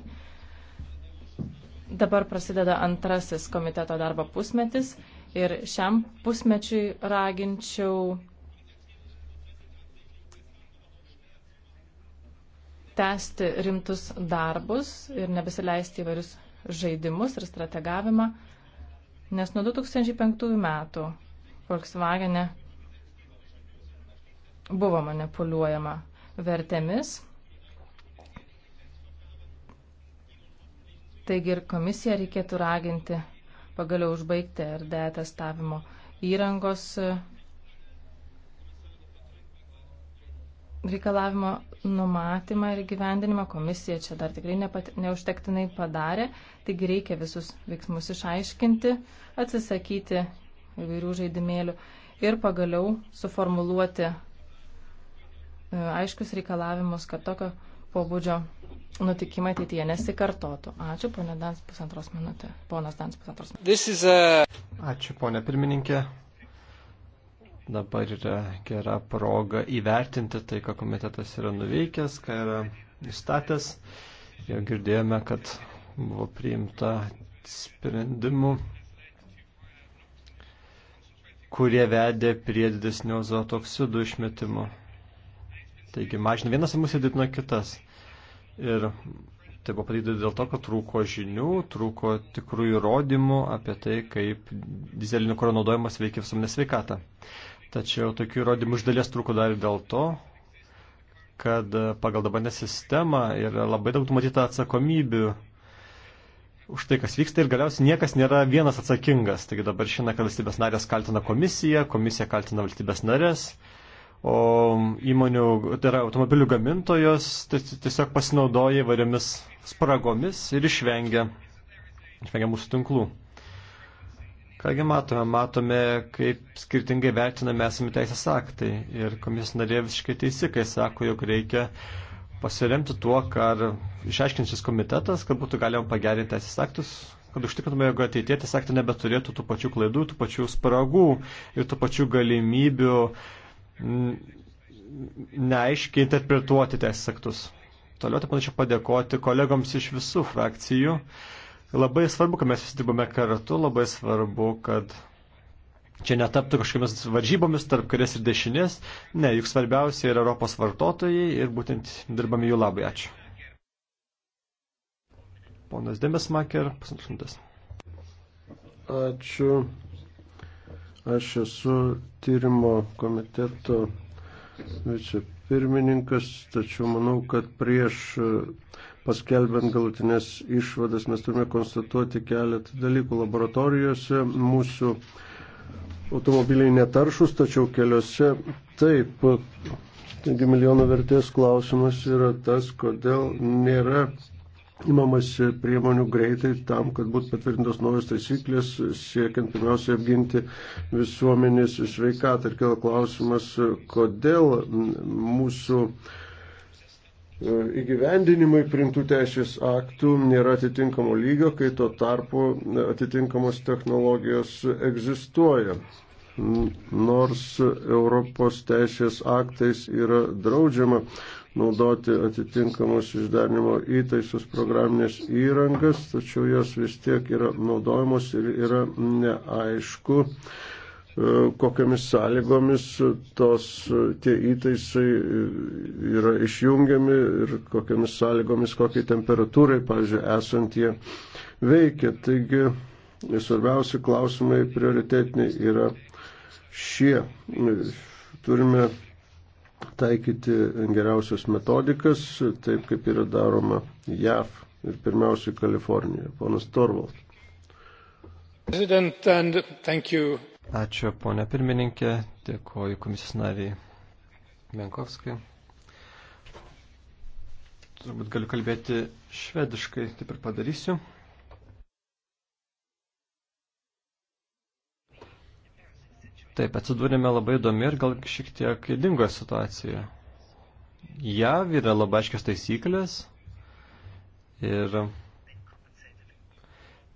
Dabar prasideda antrasis komiteto darbo pusmetis ir šiam pusmečiui raginčiau tęsti rimtus darbus ir nebesileisti įvairius žaidimus ir strategavimą. Nes nuo 2005 metų Volkswagen'e buvo manipuliuojama vertėmis. Taigi ir komisiją reikėtų raginti pagaliau užbaigti RD testavimo įrangos reikalavimo numatymą ir gyvendinimą komisija čia dar tikrai nepat, neužtektinai padarė, taigi reikia visus veiksmus išaiškinti, atsisakyti įvairių žaidimėlių ir pagaliau suformuluoti e, aiškius reikalavimus, kad tokio pobūdžio nutikimai ateityje nesikartotų. Ačiū, ponė Dans, pusantros minutė. Ponas Dans, pusantros minutė. A... Ačiū, ponė pirmininkė dabar yra gera proga įvertinti tai, ką komitetas yra nuveikęs, ką yra įstatęs. Jau girdėjome, kad buvo priimta sprendimų, kurie vedė prie didesnio zootoksidų išmetimo. Taigi mažina vienas mūsų didino kitas. Ir tai buvo padaryta dėl to, kad trūko žinių, trūko tikrų įrodymų apie tai, kaip dizelinio kūro naudojimas veikia visuomenės sveikatą. Tačiau tokių įrodymų iš dalies trūko dar ir dėl to, kad pagal dabartinę sistemą yra labai daug matyta atsakomybių už tai, kas vyksta ir galiausiai niekas nėra vienas atsakingas. Taigi dabar šiandien, kad valstybės narės kaltina komisiją, komisija kaltina valstybės narės, o įmonių, tai yra automobilių gamintojos, tiesiog pasinaudoja įvairiomis spragomis ir išvengia, išvengia mūsų tinklų. Kągi matome? Matome, kaip skirtingai vertiname esami teisės aktai. Ir komisijos narė visiškai teisi, kai sako, jog reikia pasiremti tuo, ką išaiškinsis komitetas, kad būtų galima pagerinti teisės aktus, kad užtikrintume, jog ateitie teisės aktai nebeturėtų tų pačių klaidų, tų pačių spragų ir tų pačių galimybių neaiškiai interpretuoti teisės aktus. Toliau taip panašiai padėkoti kolegoms iš visų frakcijų. Uh, Labai svarbu, kad mes visi dirbame kartu, labai svarbu, kad čia netaptų kažkokiamis varžybomis tarp kairės ir dešinės. Ne, juk svarbiausia yra Europos vartotojai ir būtent dirbame jų labai. Ačiū. Ponas Demesmaker, pasantrintas. Ačiū. Aš esu tyrimo komiteto vicepirmininkas, tačiau manau, kad prieš paskelbent galutinės išvadas, mes turime konstatuoti keletą dalykų. Laboratorijose mūsų automobiliai netaršus, tačiau keliuose taip. Taigi milijono vertės klausimas yra tas, kodėl nėra imamas priemonių greitai tam, kad būtų patvirtintos naujos taisyklės, siekiant pirmiausiai apginti visuomenės sveikatą. Ir kėl klausimas, kodėl mūsų uh, E, įgyvendinimui primtų teisės aktų nėra atitinkamo lygio, kai tuo tarpu e, atitinkamos technologijos egzistuoja. Nors Europos teisės aktais yra draudžiama naudoti atitinkamos išdarnimo įtaisus programinės įrangas, tačiau jos vis tiek yra naudojamos ir yra neaišku, kokiamis sąlygomis tos tie įtaisai yra išjungiami ir kokiamis sąlygomis, kokiai temperatūrai, pavyzdžiui, esant jie veikia. Taigi svarbiausi klausimai prioritetiniai yra šie. Turime taikyti geriausias metodikas, taip kaip yra daroma JAV ir pirmiausiai Kalifornijoje. Ponas Torvald. President, and thank you Ačiū, ponė pirmininkė. Dėkoju komisijos nariai Menkovskai. Turbūt galiu kalbėti švediškai, taip ir padarysiu. Taip, atsidūrėme labai įdomi ir gal šiek tiek įdingoje situacijoje. JAV yra labai aiškios taisyklės ir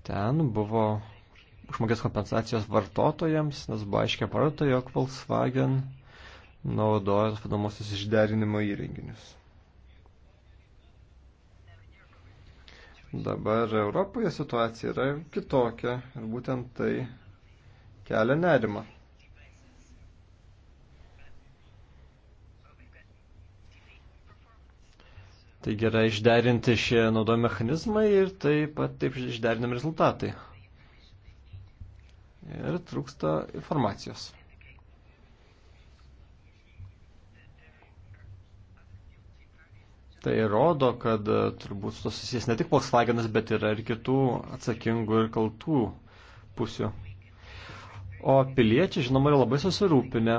ten buvo išmokės kompensacijos vartotojams, nes buvo aiškiai parodyta, jog Volkswagen naudoja vadamosius išderinimo įrenginius. Dabar Europoje situacija yra kitokia ir būtent tai kelia nerimą. Taigi yra išderinti šie naudojami mechanizmai ir taip pat taip išderinami rezultatai ir trūksta informacijos. Tai rodo, kad e, turbūt su to susijęs ne tik Volkswagenas, bet yra ir kitų atsakingų ir kaltų pusių. O piliečiai, žinoma, yra labai susirūpinę.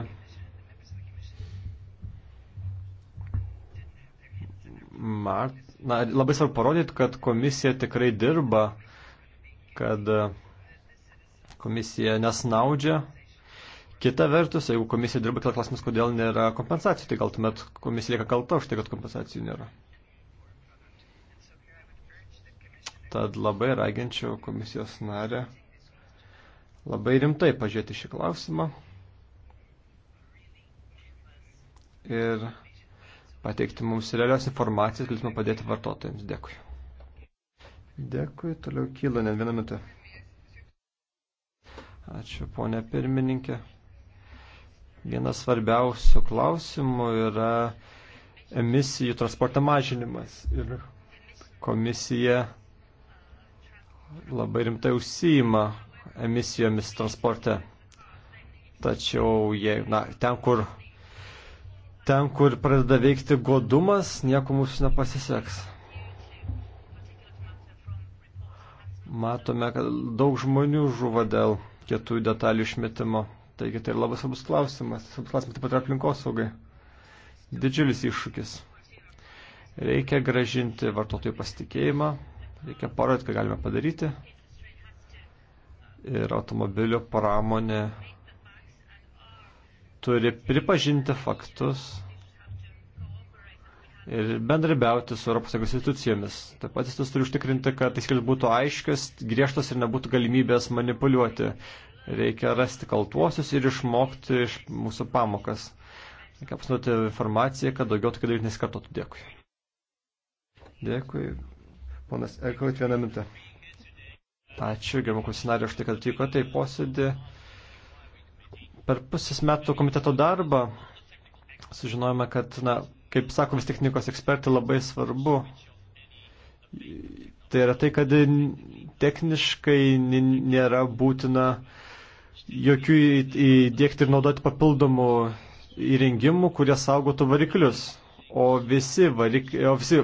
Mart... Na, labai svarbu parodyti, kad komisija tikrai dirba, kad e, komisija nesnaudžia. Kita vertus, jeigu komisija dirba, kila klausimas, kodėl nėra kompensacijų, tai gal tuomet komisija lieka kalta už tai, kad kompensacijų nėra. Tad labai raginčiau komisijos narę labai rimtai pažiūrėti šį klausimą ir pateikti mums realios informacijos, galėtume padėti vartotojams. Dėkui. Dėkui, toliau kyla net vieną minutę. Ačiū, ponė pirmininkė. Vienas svarbiausių klausimų yra emisijų transporto mažinimas. Ir komisija labai rimtai užsijima emisijomis transporte. Tačiau jei, na, ten, kur, ten, kur pradeda veikti godumas, nieko mūsų nepasiseks. Matome, kad daug žmonių žuvo dėl kietųjų detalių išmetimo. Taigi tai yra labai svarbus klausimas. Svarbus klausimas taip pat yra aplinkosaugai. Didžiulis iššūkis. Reikia gražinti vartotojų pasitikėjimą, reikia parodyti, ką galime padaryti. Ir automobilio pramonė turi pripažinti faktus ir bendrabiauti su Europos Sąjungos institucijomis. Taip pat jis turi užtikrinti, kad taisyklės būtų aiškios, griežtos ir nebūtų galimybės manipuliuoti. Reikia rasti kaltuosius ir išmokti iš mūsų pamokas. Reikia apsinuoti informaciją, kad daugiau tokių dalykų nesikartotų. Dėkui. Dėkui. Ponas Ekhoit, vieną minutę. Ačiū, gerbiamų kusinarių, už tai, kad atvykote į posėdį. Per pusės metų komiteto darbą sužinojome, kad na, kaip sako vis technikos ekspertai, labai svarbu. Tai yra tai, kad techniškai nėra būtina jokių įdėkti ir naudoti papildomų įrengimų, kurie saugotų variklius. O visi, varik, o visi,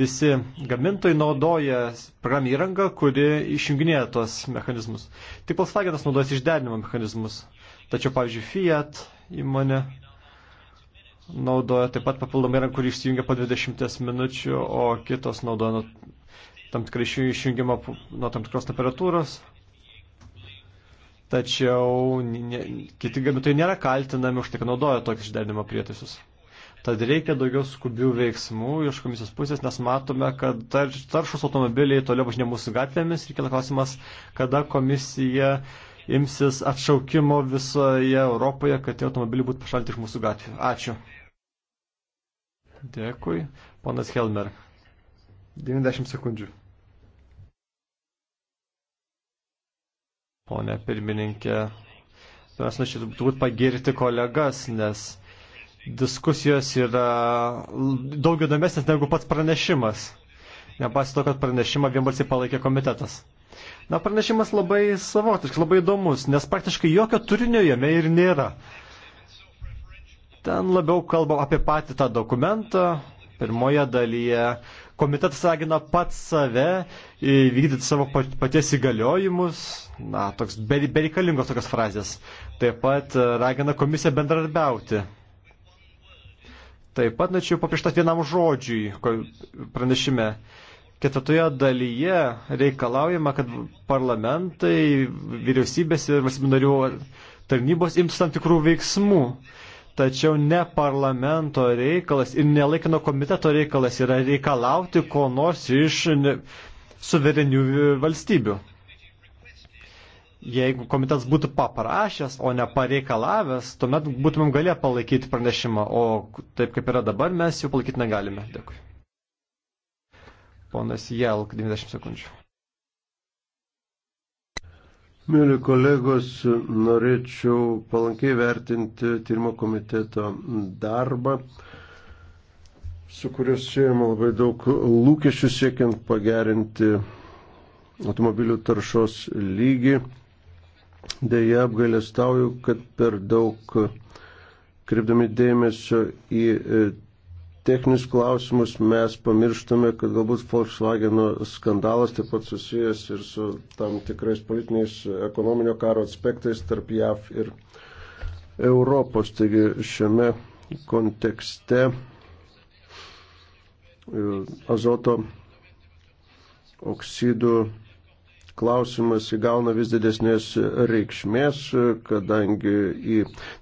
visi gamintojai naudoja programą įrangą, kuri išjunginėja tuos mechanizmus. Tik Volkswagenas naudojas išderinimo mechanizmus. Tačiau, pavyzdžiui, Fiat įmonė naudoja taip pat papildomai ranką, kurį išsijungia po 20 minučių, o kitos naudoja nuo tam tikrai išjungimą nuo tam tikros temperatūros. Tačiau ne, kiti gamintojai nėra kaltinami už tai, kad naudoja tokius išderinimo prietaisus. Tad reikia daugiau skubių veiksmų iš komisijos pusės, nes matome, kad taršus automobiliai toliau važinė mūsų gatvėmis ir kila klausimas, kada komisija uh, imsis atšaukimo visoje Europoje, kad tie automobiliai būtų pašalinti iš mūsų gatvių. Ačiū. Dėkui. Ponas Helmer. 90 sekundžių. Pone pirmininkė, mes norėčiau turbūt pagirti kolegas, nes diskusijos yra daug įdomesnės negu pats pranešimas. Nepasito, kad pranešimą vienbalsiai palaikė komitetas. Na, pranešimas labai savotiškas, labai įdomus, nes praktiškai jokio turinio jame ir nėra. Ten labiau kalbam apie patį tą dokumentą. Pirmoje dalyje komitetas ragina pats save vykdyti savo paties įgaliojimus. Na, toks bereikalingos tokios frazės. Taip pat ragina komisiją bendradarbiauti. Taip pat norėčiau paprieštat vienam žodžiui pranešime. Ketvirtoje dalyje reikalaujama, kad parlamentai, vyriausybės ir valstybių narių tarnybos imtų tam tikrų veiksmų. Tačiau ne parlamento reikalas ir nelaikino komiteto reikalas yra reikalauti ko nors iš suverenių valstybių. Jeigu komitetas būtų paprašęs, o ne pareikalavęs, tuomet būtumėm galėję palaikyti pranešimą, o taip kaip yra dabar, mes jų palaikyti negalime. Dėkui. Ponas Jelk, 90 sekundžių. Mėly kolegos, norėčiau palankiai vertinti tyrimo komiteto darbą, su kurios siejama labai daug lūkesčių siekiant pagerinti automobilių taršos lygį. Deja, apgailestauju, kad per daug, kreipdami dėmesio į techninius klausimus mes pamirštame, kad galbūt Volkswagen skandalas taip pat susijęs ir su tam tikrais politiniais ekonominio karo aspektais tarp JAV ir Europos. Taigi šiame kontekste e, azoto oksidų klausimas įgauna vis didesnės reikšmės, kadangi į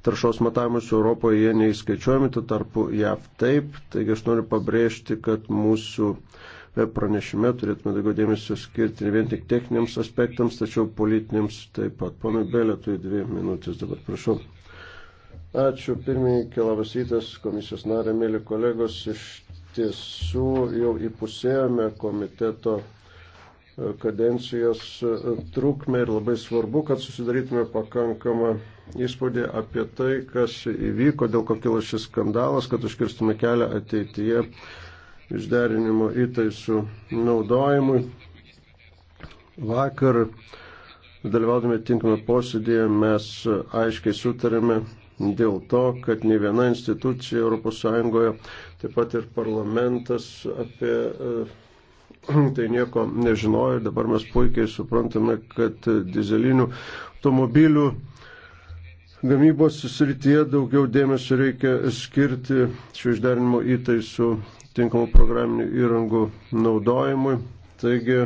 taršos matavimus Europoje jie neįskaičiuojami, tu tarpu JAV taip. Taigi aš noriu pabrėžti, kad mūsų pranešime turėtume daugiau dėmesio skirti ne vien tik techniniams aspektams, tačiau politiniams taip pat. Pone Belė, tu į dvi minutės dabar, prašau. Ačiū pirmininkė, labas rytas, komisijos narė, mėly kolegos. Iš tiesų jau įpusėjome komiteto kadencijos e, trukmę ir labai svarbu, kad susidarytume pakankamą įspūdį apie tai, kas įvyko, dėl ko kilo šis skandalas, kad užkirstume kelią ateityje išderinimo įtaisų naudojimui. Vakar dalyvaudami tinkamą posėdėje mes aiškiai sutarėme dėl to, kad ne viena institucija ES, taip pat ir parlamentas apie e, tai nieko nežinojo ir dabar mes puikiai suprantame, kad dizelinių automobilių gamybos srityje daugiau dėmesio reikia skirti šių išderinimo įtaisų tinkamų programinių įrangų naudojimui. Taigi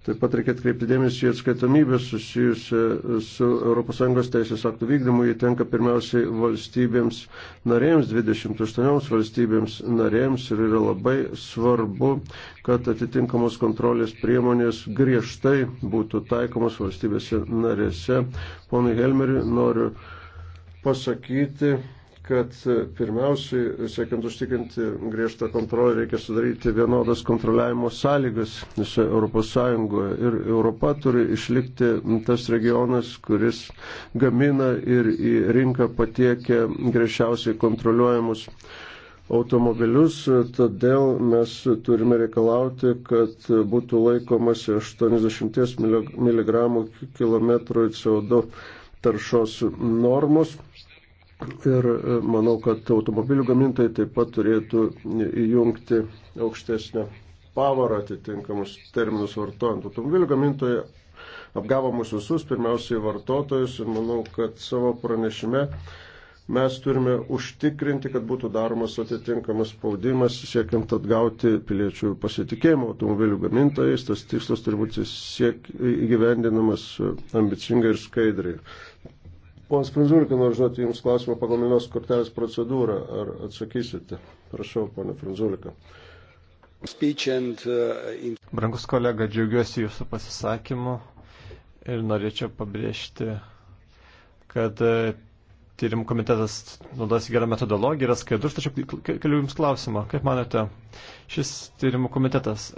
Taip pat reikia atkreipti dėmesį į atskaitomybę susijusią su ES teisės aktų vykdymu. Jį tenka pirmiausiai valstybėms narėms, 28 valstybėms narėms ir yra labai svarbu, kad atitinkamos kontrolės priemonės griežtai būtų taikomos valstybėse narėse. Ponui Helmeriui noriu pasakyti, kad pirmiausiai, siekiant užtikrinti griežtą kontrolę, reikia sudaryti vienodas kontroliavimo sąlygas visoje Europos Sąjungoje. Ir Europa turi išlikti tas regionas, kuris gamina ir į rinką patiekia griežčiausiai kontroliuojamus automobilius, todėl mes turime reikalauti, kad būtų laikomasi 80 mg km CO2 taršos normos. Ir e, manau, kad automobilių gamintojai taip pat turėtų įjungti aukštesnę pavarą atitinkamus terminus vartojant. Automobilių gamintojai apgavo mus visus, pirmiausiai vartotojus ir manau, kad savo pranešime mes turime užtikrinti, kad būtų daromas atitinkamas spaudimas, siekiant atgauti piliečių pasitikėjimą automobilių gamintojais. Tas tikslas turi būti siek įgyvendinamas ambicingai ir skaidriai. Ponas Franzūrka, noriu žduoti Jums klausimą pagal minos kortelės procedūrą. Ar atsakysite? Prašau, ponė Franzūrka. Uh, Brangus kolega, džiaugiuosi Jūsų pasisakymu ir norėčiau pabrėžti, kad uh, tyrimų komitetas naudojasi gerą metodologiją, yra skaidrus, tačiau keliu Jums klausimą. Kaip manote, šis tyrimų komitetas,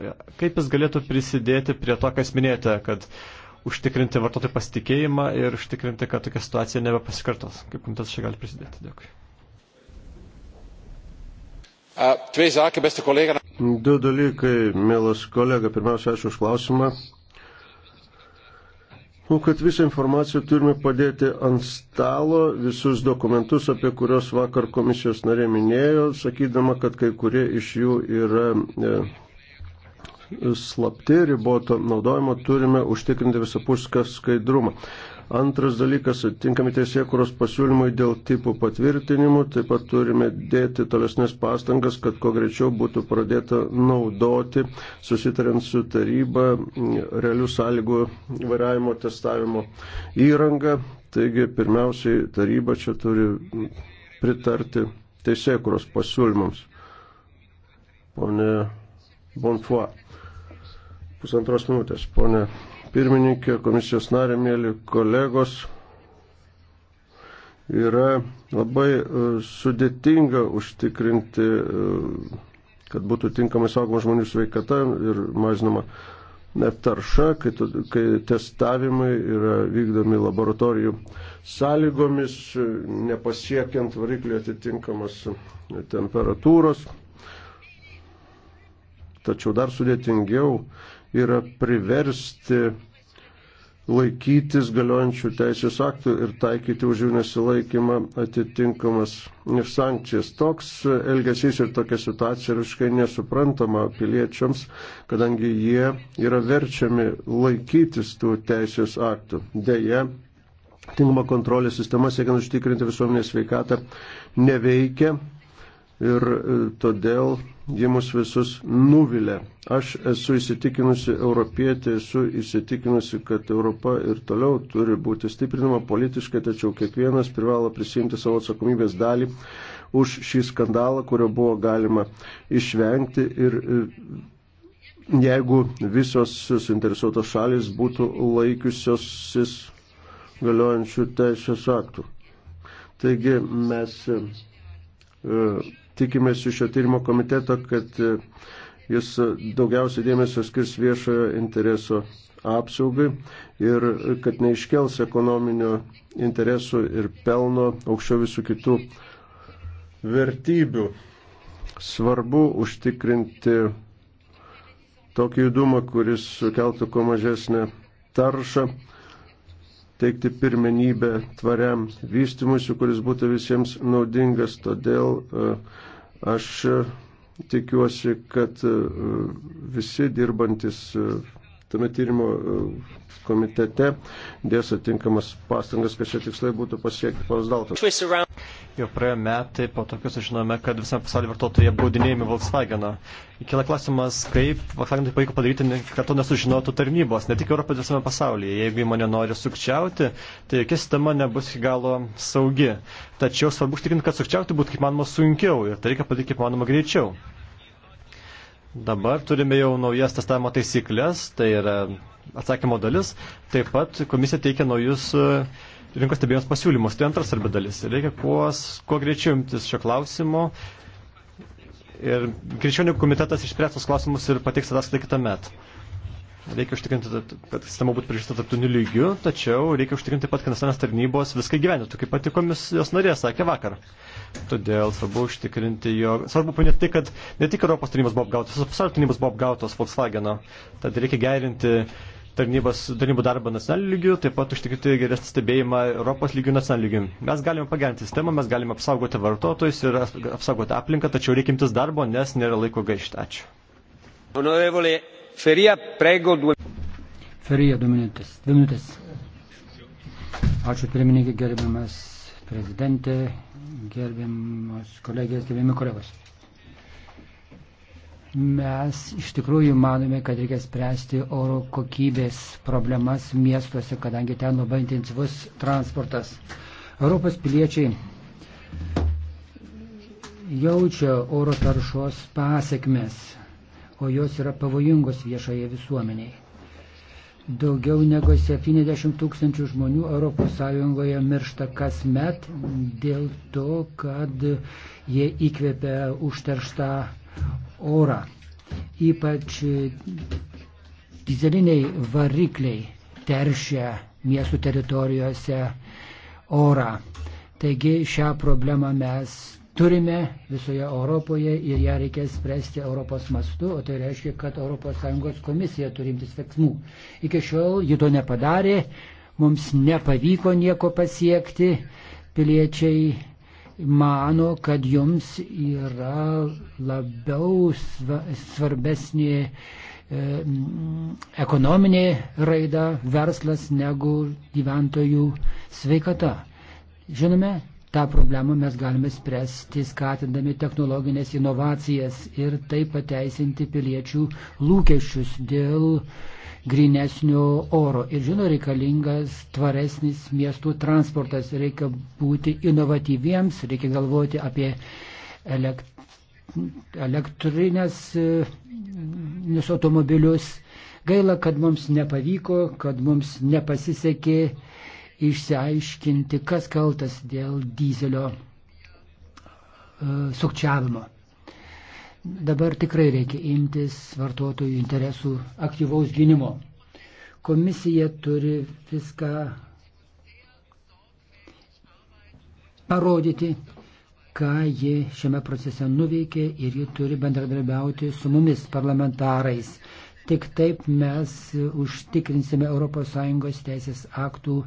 kaip jis galėtų prisidėti prie to, kas minėjote, kad uh, užtikrinti vartotojų pasitikėjimą ir užtikrinti, kad tokia situacija nebepasikartos. Kaip komitetas čia gali prisidėti? Dėkui. Du dalykai, mielas kolega. Pirmiausia, ačiū už klausimą. Nu, kad visą informaciją turime padėti ant stalo, visus dokumentus, apie kuriuos vakar komisijos narė minėjo, sakydama, kad kai kurie iš jų yra e, slapti, riboto naudojimo turime užtikrinti visapušką skaidrumą. Antras dalykas, tinkami teisėkuros pasiūlymai dėl tipų patvirtinimų, taip pat turime dėti tolesnės pastangas, kad kuo greičiau būtų pradėta naudoti, susitariant su taryba, realių sąlygų vairavimo testavimo įrangą. Taigi, pirmiausiai, taryba čia turi pritarti teisėkuros pasiūlymams. Pone Bonfoy pusantros minutės. Pone pirmininkė, komisijos narė, mėly kolegos, yra labai e, sudėtinga užtikrinti, e, kad būtų tinkamai saugoma žmonių sveikata ir mažinama tarša, kai, kai testavimai yra vykdomi laboratorijų sąlygomis, e, nepasiekiant variklį atitinkamos temperatūros. Tačiau dar sudėtingiau yra priversti laikytis galiojančių teisės aktų ir taikyti už jų nesilaikymą atitinkamas sankcijas. Toks elgesys ir tokia situacija yra visiškai nesuprantama piliečiams, kadangi jie yra verčiami laikytis tų teisės aktų. Deja, tinkama kontrolės sistema, siekiant užtikrinti visuomenės sveikatą, neveikia ir e, todėl ji mus visus nuvilė. Aš esu įsitikinusi europietė, esu įsitikinusi, kad Europa ir toliau turi būti stiprinama politiškai, tačiau kiekvienas privalo prisimti savo atsakomybės dalį už šį skandalą, kurio buvo galima išvengti ir e, jeigu visos suinteresuotos šalis būtų laikiusios galiojančių teisės aktų. Taigi mes e, tikimės iš šio tyrimo komiteto, kad e, jis daugiausiai dėmesio skirs viešojo intereso apsaugai ir kad neiškels ekonominio interesų ir pelno aukščiau visų kitų vertybių. Svarbu užtikrinti tokį judumą, kuris sukeltų kuo mažesnę taršą, teikti pirmenybę tvariam vystimuisi, kuris būtų visiems naudingas. Todėl uh, Aš e, tikiuosi, kad e, visi dirbantis e, tame tyrimo e, komitete dės atinkamas pastangas, kad šie tikslai būtų pasiekti panas Daltas. Jau praėjo metai, po tokių sužinome, kad visame pasaulyje vartotojai apgaudinėjami Volkswageną. Kila klausimas, kaip Volkswagen tai pavyko padaryti, kad to nesužinotų tarnybos, ne tik Europoje, bet visame pasaulyje. Jeigu įmonė nori sukčiauti, tai jokia sistema nebus iki galo saugi. Tačiau svarbu užtikrinti, kad sukčiauti būtų kaip manoma sunkiau ir tai reikia padaryti kaip manoma greičiau. Dabar turime jau naujas testavimo taisyklės, tai yra atsakymo dalis. Taip pat komisija teikia naujus e, rinkos stebėjimus pasiūlymus. Tai antras svarbi dalis. Reikia kuo, kuo greičiau imtis šio klausimo. Ir greičiau negu komitetas išspręstos klausimus ir pateiks ataskaitą kitą metą. Reikia užtikrinti, kad sistema būtų prižiūrėta tarptautiniu lygiu, tačiau reikia užtikrinti pat, kad nacionalinės tarnybos viską gyvenėtų, kaip pati komisijos narė sakė vakar. Todėl svarbu užtikrinti, jog... Svarbu paminėti tai, kad ne tik Europos tarnybos buvo apgautos, visos pasaulio tarnybos buvo apgautos Volkswageno. Tad reikia gerinti tarnybos, tarnybų darbą nacionaliniu lygiu, taip pat užtikrinti geresnį stebėjimą Europos lygių nacionaliniu lygiu. Mes galime pagerinti sistemą, mes galime apsaugoti vartotojus ir apsaugoti aplinką, tačiau reikimtis darbo, nes nėra laiko gaišti. Ačiū. Honorevole Feria, prego. Feria, du minutės. Dvi minutės. Ačiū pirmininkai, gerbiamas prezidentė, gerbiamos kolegės, gerbiami kolegos. Mes iš tikrųjų manome, kad reikia spręsti oro kokybės problemas miestuose, kadangi ten labai intensyvus transportas. Europos piliečiai jaučia oro taršos pasiekmes, o jos yra pavojingos viešoje visuomenėje. Daugiau negu 70 tūkstančių žmonių ES miršta kasmet dėl to, kad jie įkvėpia užterštą orą. Ypač dizeliniai varikliai teršia miestų teritorijose orą. Taigi šią problemą mes turime visoje Europoje ir ją reikės spręsti Europos mastu, o tai reiškia, kad ES komisija turimtis veiksmų. Iki šiol ji to nepadarė, mums nepavyko nieko pasiekti, piliečiai mano, kad jums yra labiau svarbesnė e, ekonominė raida, verslas negu gyventojų sveikata. Žinome, tą problemą mes galime spręsti skatindami technologinės inovacijas ir taip pateisinti piliečių lūkesčius dėl grinesnio oro. Ir žinoma, reikalingas tvaresnis miestų transportas, reikia būti inovatyviems, reikia galvoti apie elektrinės e, automobilius. Gaila, kad mums nepavyko, kad mums nepasisekė išsiaiškinti, kas kaltas dėl dizelio e, sukčiavimo. Dabar tikrai reikia imtis vartotojų interesų aktyvaus gynimo. Komisija turi viską parodyti, ką ji šiame procese nuveikė ir ji turi bendradarbiauti su mumis parlamentarais. Tik taip mes užtikrinsime ES teisės aktų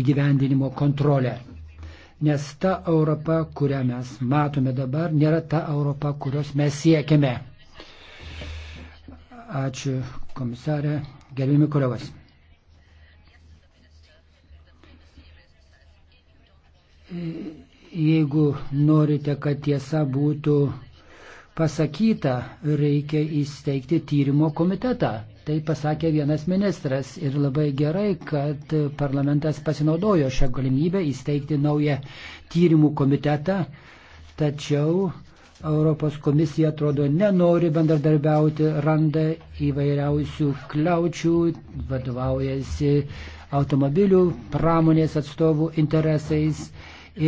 įgyvendinimo kontrolę. Nes ta Europa, kurią mes matome dabar, nėra ta Europa, kurios mes siekiame. Ačiū komisarė, gerbimi kolegos. Jeigu norite, kad tiesa būtų pasakyta, reikia įsteigti tyrimo komitetą. Tai pasakė vienas ministras ir labai gerai, kad parlamentas pasinaudojo šią galimybę įsteigti naują tyrimų komitetą, tačiau Europos komisija atrodo nenori bendradarbiauti, randa įvairiausių kliaučių, vadovaujasi automobilių pramonės atstovų interesais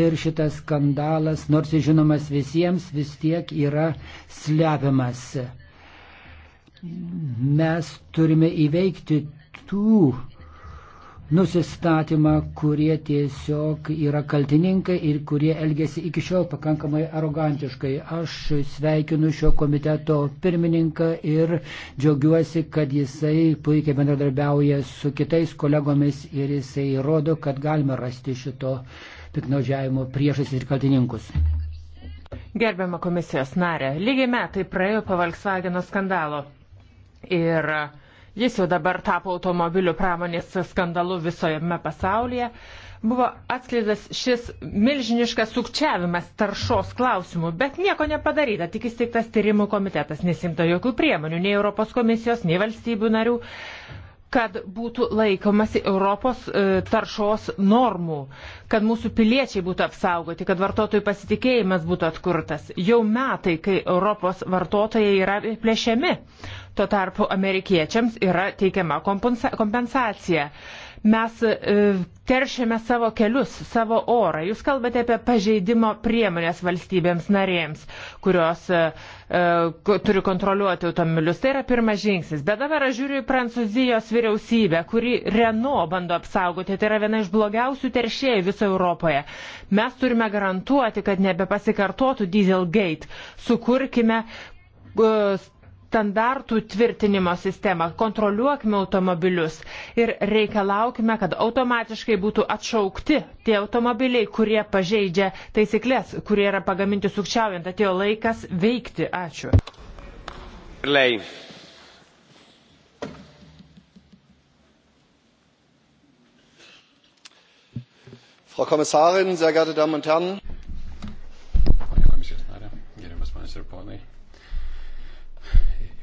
ir šitas skandalas, nors žinomas visiems, vis tiek yra slepiamas mes turime įveikti tų nusistatymą, kurie tiesiog yra kaltininkai ir kurie elgesi iki šiol pakankamai arogantiškai. Aš sveikinu šio komiteto pirmininką ir džiaugiuosi, kad jisai puikiai bendradarbiauja su kitais kolegomis ir jisai rodo, kad galime rasti šito piknaudžiavimo priešas ir kaltininkus. Gerbiama komisijos narė, lygiai metai praėjo po Volkswageno skandalo ir jis jau dabar tapo automobilių pramonės skandalu visojame pasaulyje, buvo atskleidęs šis milžiniškas sukčiavimas taršos klausimų, bet nieko nepadaryta, tik įsteigtas tyrimų komitetas, nesimta jokių priemonių nei Europos komisijos, nei valstybių narių kad būtų laikomasi Europos e, taršos normų, kad mūsų piliečiai būtų apsaugoti, kad vartotojų pasitikėjimas būtų atkurtas. Jau metai, kai Europos vartotojai yra plėšiami, tuo tarpu amerikiečiams yra teikiama kompensacija mes e, teršiame savo kelius, savo orą. Jūs kalbate apie pažeidimo priemonės valstybėms narėms, kurios uh, turi kontroliuoti automobilius. Tai yra pirmas žingsnis. Bet dabar aš žiūriu į Prancūzijos vyriausybę, kuri Renault bando apsaugoti. Tai yra viena iš blogiausių teršėjų visoje Europoje. Mes turime garantuoti, kad nebepasikartotų Dieselgate. Sukurkime uh, standartų tvirtinimo sistemą, kontroliuokime automobilius ir reikalaukime, kad automatiškai būtų atšaukti tie automobiliai, kurie pažeidžia taisyklės, kurie yra pagaminti sukčiaujant. Atėjo laikas veikti. Ačiū. Lei. Frau Kommissarin, sehr geehrte Damen und Herren.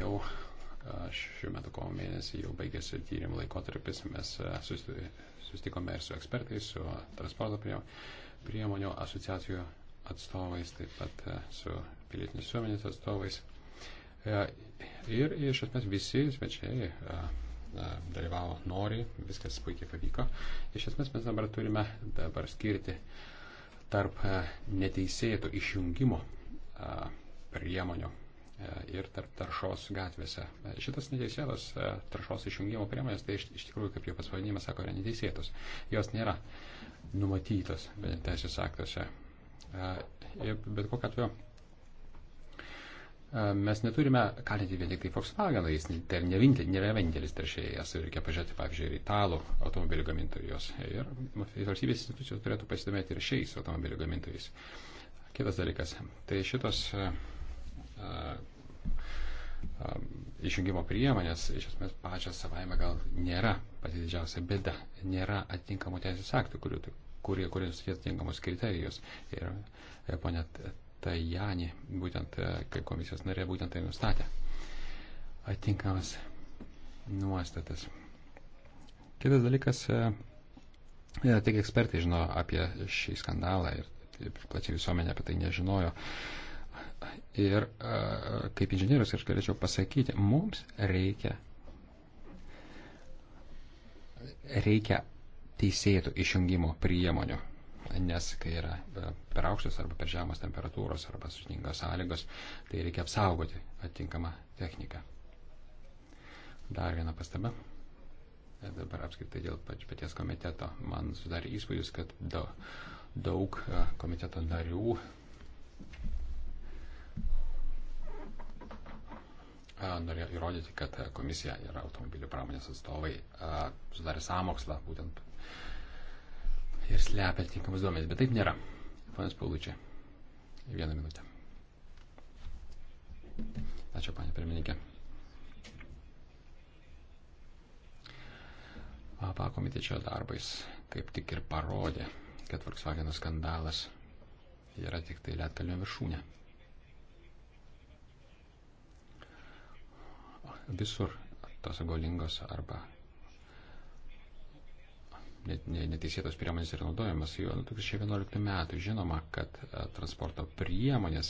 jau šiuo metu kovo mėnesį jau baigėsi tyrimų laikotarpis, mes susitikome ir su ekspertais, su transporto priemonių asociacijų atstovais, taip pat su pilietinės visuomenės atstovais. Ir iš esmės visi svečiai dalyvavo noriai, viskas puikiai pavyko. Iš esmės mes dabar turime dabar skirti tarp neteisėtų išjungimo priemonių E, ir tarp taršos gatvėse. E, šitas neteisėtos e, taršos išjungimo priemonės, tai iš, iš tikrųjų, kaip jau pats pavadinimas sako, yra neteisėtos. Jos nėra numatytos teisės aktuose. Bet kokiu atveju. Mes neturime kalinti vien tik tai Volkswageną, jis tai ne vienintelis teršėjas, reikia pažiūrėti, pavyzdžiui, ir italų automobilių gamintojus. Ir valstybės institucijos turėtų pasidomėti ir šiais automobilių gamintojais. Kitas dalykas, tai šitos uh, išjungimo priemonės iš esmės pačios savaime gal nėra pati didžiausia bėda. Nėra atitinkamų teisės aktų, kurių, kurie, kurie nustatė atitinkamus kriterijus. Ir e, ponė Tajani, būtent e, kaip komisijos narė, būtent tai nustatė. Atitinkamas nuostatas. Kitas dalykas, e, tik ekspertai žino apie šį skandalą ir plačiai visuomenė apie tai nežinojo. Ir kaip inžinierius aš galėčiau pasakyti, mums reikia, reikia teisėtų išjungimo priemonių, nes kai yra per aukštas arba per žemas temperatūros arba sužiningos sąlygos, tai reikia apsaugoti atitinkamą techniką. Dar viena pastaba. E, dabar apskritai dėl paties komiteto man sudarė įspūdis, kad daug komiteto narių norėjo įrodyti, kad e, komisija ir automobilių pramonės atstovai sudarė sąmokslą būtent ir slepia tinkamus duomenys, bet taip nėra. Panas Paulučiai, vieną minutę. Ačiū, panė pirmininkė. Pakomitečio darbais kaip tik ir parodė, kad Volkswagen skandalas yra tik tai lietkalnio viršūnė. visur tos galingos arba neteisėtos priemonės yra naudojamas. Jau 2011 metų žinoma, kad e, transporto priemonės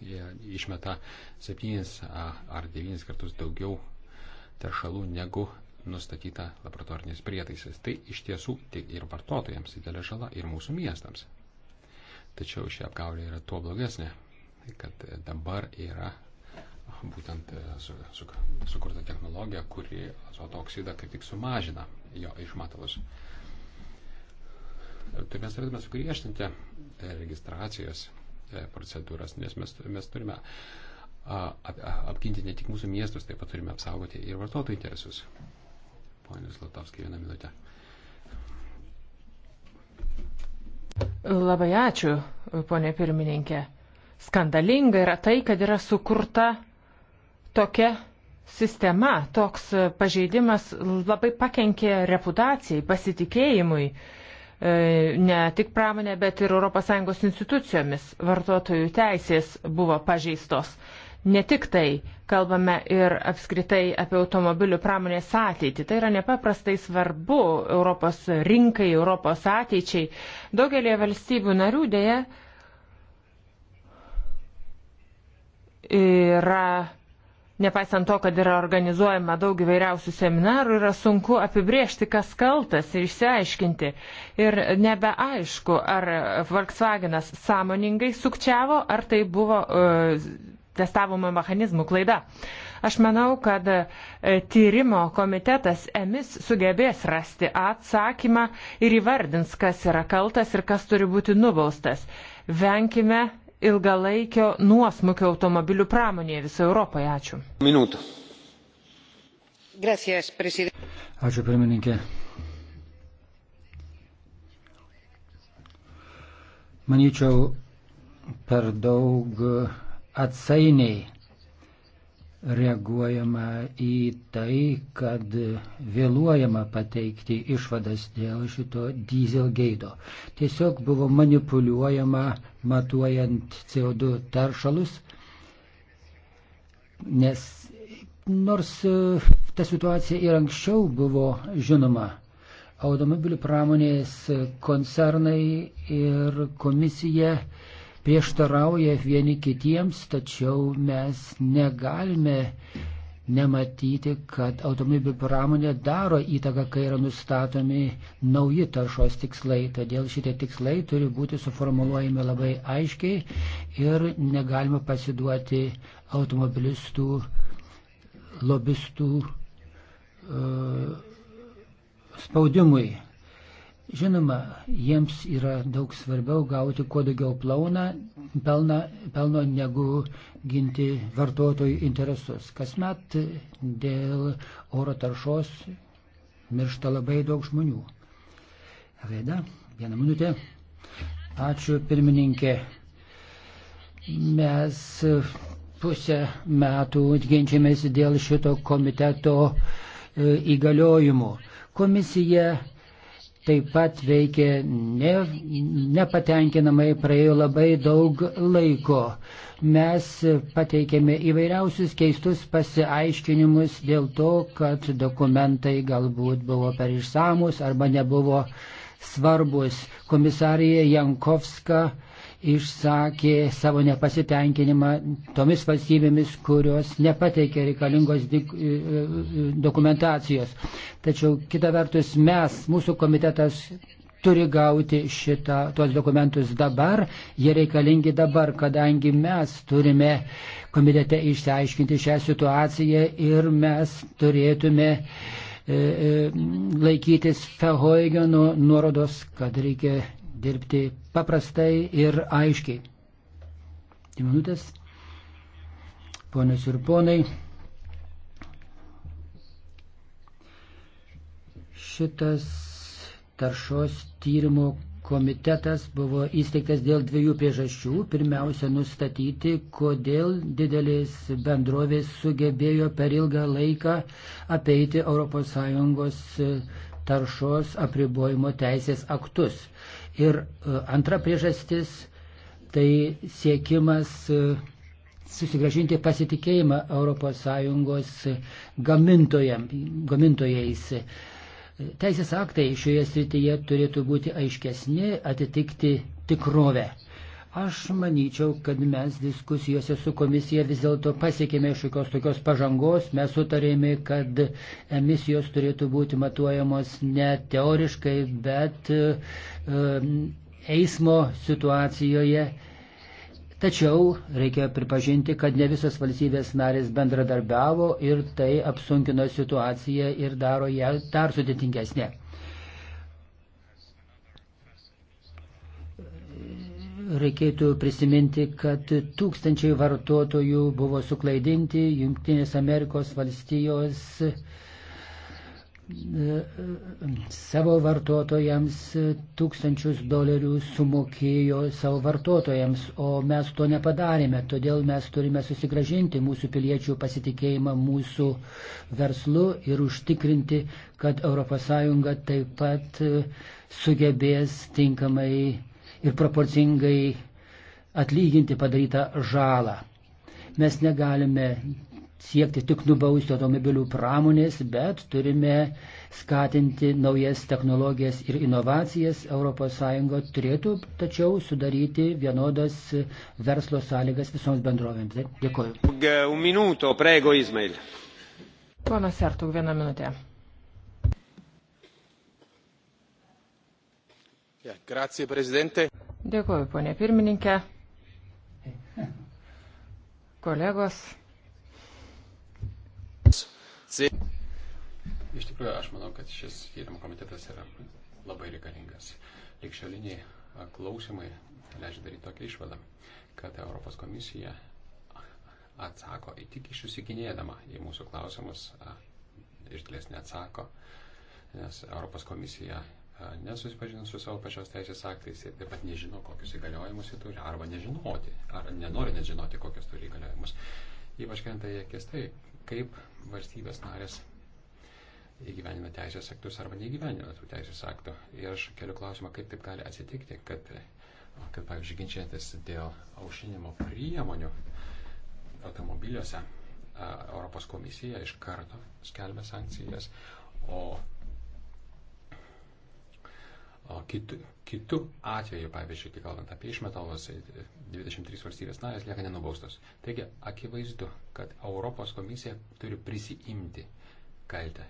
išmeta 7 ar 9 kartus daugiau teršalų negu nustatyta laboratoriniais prietaisais. Tai iš tiesų tiek ir vartotojams didelė žala, ir mūsų miestams. Tačiau ši apgaulė yra tuo blogesnė, kad dabar yra būtent e, su, su, sukurta technologija, kuri azoto oksidą kaip tik sumažina jo išmatalus. Tai mes turėtume sugriežtinti e, registracijos e, procedūras, nes mes, mes turime ap, apginti ne tik mūsų miestus, taip pat turime apsaugoti ir vartotojų interesus. Pone Zlatovskai, vieną minutę. Labai ačiū, ponė pirmininkė. Skandalinga yra tai, kad yra sukurta tokia sistema, toks pažeidimas labai pakenkė reputacijai, pasitikėjimui, e, ne tik pramonė, bet ir ES institucijomis vartotojų teisės buvo pažeistos. Ne tik tai kalbame ir apskritai apie automobilių pramonės ateitį. Tai yra nepaprastai svarbu Europos rinkai, Europos ateičiai. Daugelie valstybių narių dėja yra Nepaisant to, kad yra organizuojama daug įvairiausių seminarų, yra sunku apibriežti, kas kaltas ir išsiaiškinti. Ir nebeaišku, ar Volkswagenas sąmoningai sukčiavo, ar tai buvo uh, testavimo mechanizmų klaida. Aš manau, kad e, tyrimo komitetas emis sugebės rasti atsakymą ir įvardins, kas yra kaltas ir kas turi būti nubaustas. Venkime ilgalaikio nuosmukio automobilių pramonėje visoje Europoje. Ačiū. Minutą. Gracias, presidente. Ačiū, pirmininkė. Manyčiau, per daug atsainiai reaguojama į tai, kad vėluojama pateikti išvadas dėl šito dieselgeido. Tiesiog buvo manipuliuojama matuojant CO2 taršalus, nes nors e, ta situacija ir anksčiau buvo žinoma, automobilių pramonės e, koncernai ir komisija prieštarauja vieni kitiems, tačiau mes negalime nematyti, kad automobilių pramonė daro įtaką, kai yra nustatomi nauji taršos tikslai. Todėl šitie tikslai turi būti suformuluojami labai aiškiai ir negalima pasiduoti automobilistų, lobistų uh, spaudimui. Žinoma, jiems yra daug svarbiau gauti kuo daugiau plauna, pelna, pelno negu ginti vartotojų interesus. Kasmet dėl oro taršos miršta labai daug žmonių. Raida, vieną minutę. Ačiū pirmininkė. Mes pusę metų ginčiamės dėl šito komiteto e, įgaliojimų. Komisija taip pat veikė ne, nepatenkinamai, praėjo labai daug laiko. Mes pateikėme įvairiausius keistus pasiaiškinimus dėl to, kad dokumentai galbūt buvo per išsamus arba nebuvo svarbus. Komisarija Jankovska išsakė savo nepasitenkinimą tomis valstybėmis, kurios nepateikė reikalingos e, e, dokumentacijos. Tačiau kita vertus mes, mūsų komitetas turi gauti šitą, tuos dokumentus dabar, jie reikalingi dabar, kadangi mes turime komitete išsiaiškinti šią situaciją ir mes turėtume e, e, laikytis Fehoigeno nuorodos, kad reikia dirbti paprastai ir aiškiai. Dvi minutės. Ponios ir ponai, šitas taršos tyrimo komitetas buvo įsteigtas dėl dviejų priežasčių. Pirmiausia, nustatyti, kodėl didelės bendrovės sugebėjo per ilgą laiką apeiti ES taršos apribojimo teisės aktus. Ir e, antra priežastis - tai siekimas e, susigražinti pasitikėjimą ES gamintojais. Teisės aktai šioje srityje turėtų būti aiškesni, atitikti tikrovę. Aš manyčiau, kad mes diskusijose su komisija vis dėlto pasiekėme šiokios tokios pažangos. Mes sutarėme, kad emisijos turėtų būti matuojamos ne teoriškai, bet um, eismo situacijoje. Tačiau reikia pripažinti, kad ne visas valstybės narės bendradarbiavo ir tai apsunkino situaciją ir daro ją dar sudėtingesnė. reikėtų prisiminti, kad tūkstančiai vartotojų buvo suklaidinti Junktinės Amerikos valstijos e, e, savo vartotojams tūkstančius dolerių sumokėjo savo vartotojams, o mes to nepadarėme. Todėl mes turime susigražinti mūsų piliečių pasitikėjimą mūsų verslu ir užtikrinti, kad ES taip pat sugebės tinkamai ir proporcingai atlyginti padarytą žalą. Mes negalime siekti tik nubausti automobilių pramonės, bet turime skatinti naujas technologijas ir inovacijas. ES turėtų tačiau sudaryti vienodas verslo sąlygas visoms bendrovėms. Dėkuoju. Un minuto, prego, Izmail. Ponas Sertuk, vieną minutę. Grazie, prezidentė. Dėkuoju, ponė pirmininkė. Kolegos. Iš tikrųjų, aš manau, kad šis tyrimo komitetas yra labai reikalingas. Likščioliniai klausimai leidžia daryti tokią išvadą, kad Europos komisija atsako tik išsikinėdama į mūsų klausimus, iš dalies neatsako, nes Europos komisija nesusipažino su savo pačios teisės aktais ir taip pat nežino, kokius įgaliojimus jis turi, arba nežinoti, ar nenori net žinoti, kokius turi įgaliojimus. Ypač krenta į akis tai, kaip valstybės narės įgyvenina teisės aktus arba neįgyvenina tų teisės aktų. Ir aš keliu klausimą, kaip taip gali atsitikti, kad, kad pavyzdžiui, ginčiantis dėl aušinimo priemonių automobiliuose, Europos komisija iš karto skelbia sankcijas, o O kitų, kitų atvejų, pavyzdžiui, kai kalbant apie išmetalus, 23 e, valstybės narės lieka nenubaustos. Taigi, akivaizdu, kad Europos komisija turi prisiimti kaltę,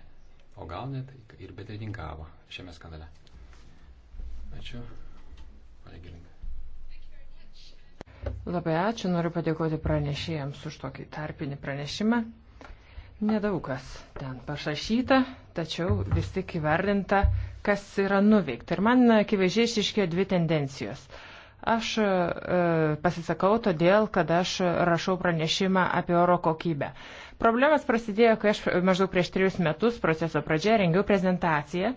o gal net ir bededingavo šiame skandale. Ačiū. Pareigilinga. Labai ačiū, noriu padėkoti pranešėjams už tokį tarpinį pranešimą. Nedaug kas ten pašašyta, tačiau vis tik įvardinta kas yra nuveikta. Ir man akivaizdžiai išiškėjo dvi tendencijos. Aš e, pasisakau todėl, kad aš rašau pranešimą apie oro kokybę. Problemas prasidėjo, kai aš maždaug prieš trejus metus proceso pradžioje rengiau prezentaciją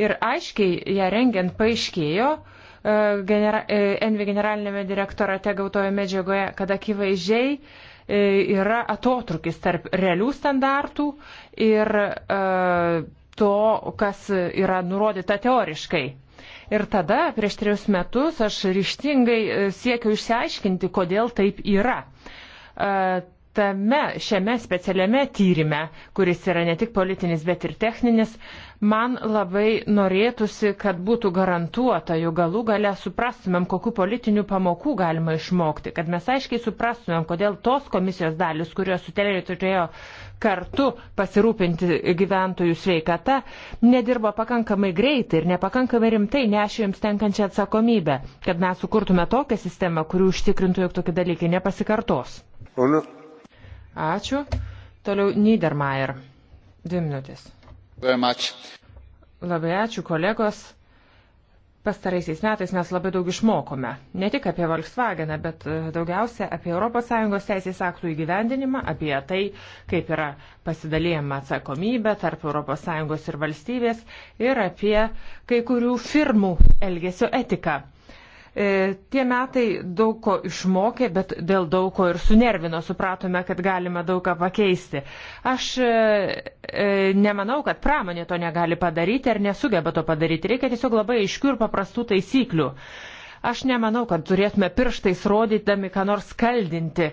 ir aiškiai ją rengiant paaiškėjo, e, genera, e, Envi generalinėme direktorate gautoje medžiagoje, kad akivaizdžiai e, yra atotrukis tarp realių standartų ir e, to, kas yra nurodyta teoriškai. Ir tada prieš trejus metus aš ryštingai e, siekiau išsiaiškinti, kodėl taip yra e, tame, šiame specialiame tyrimė, kuris yra ne tik politinis, bet ir techninis, man labai norėtųsi, kad būtų garantuota, jog galų gale suprastumėm, kokiu politiniu pamokų galima išmokti, kad mes aiškiai suprastumėm, kodėl tos komisijos dalis, kurios sutelė turėjo kartu pasirūpinti gyventojų sveikata, nedirbo pakankamai greitai ir nepakankamai rimtai nešė jums tenkančią atsakomybę, kad mes sukurtume tokią sistemą, kuri užtikrintų, jog tokie dalykai nepasikartos. Ona. Ačiū. Toliau Niedermayer. Dvi minutės. Labai ačiū, kolegos. Pastaraisiais metais mes labai daug išmokome. Ne tik apie Volkswageną, bet e, daugiausia apie ES teisės aktų įgyvendinimą, apie tai, kaip yra pasidalėjama atsakomybė tarp ES ir valstybės ir apie kai kurių firmų elgesio etiką. E, tie metai daug ko išmokė, bet dėl daug ko ir sunervino, supratome, kad galime daug ką pakeisti. Aš e, e, nemanau, kad pramonė to negali padaryti ar nesugeba to padaryti. Reikia tiesiog labai aiškių ir paprastų taisyklių aš nemanau, kad turėtume pirštais rodydami, ką nors skaldinti.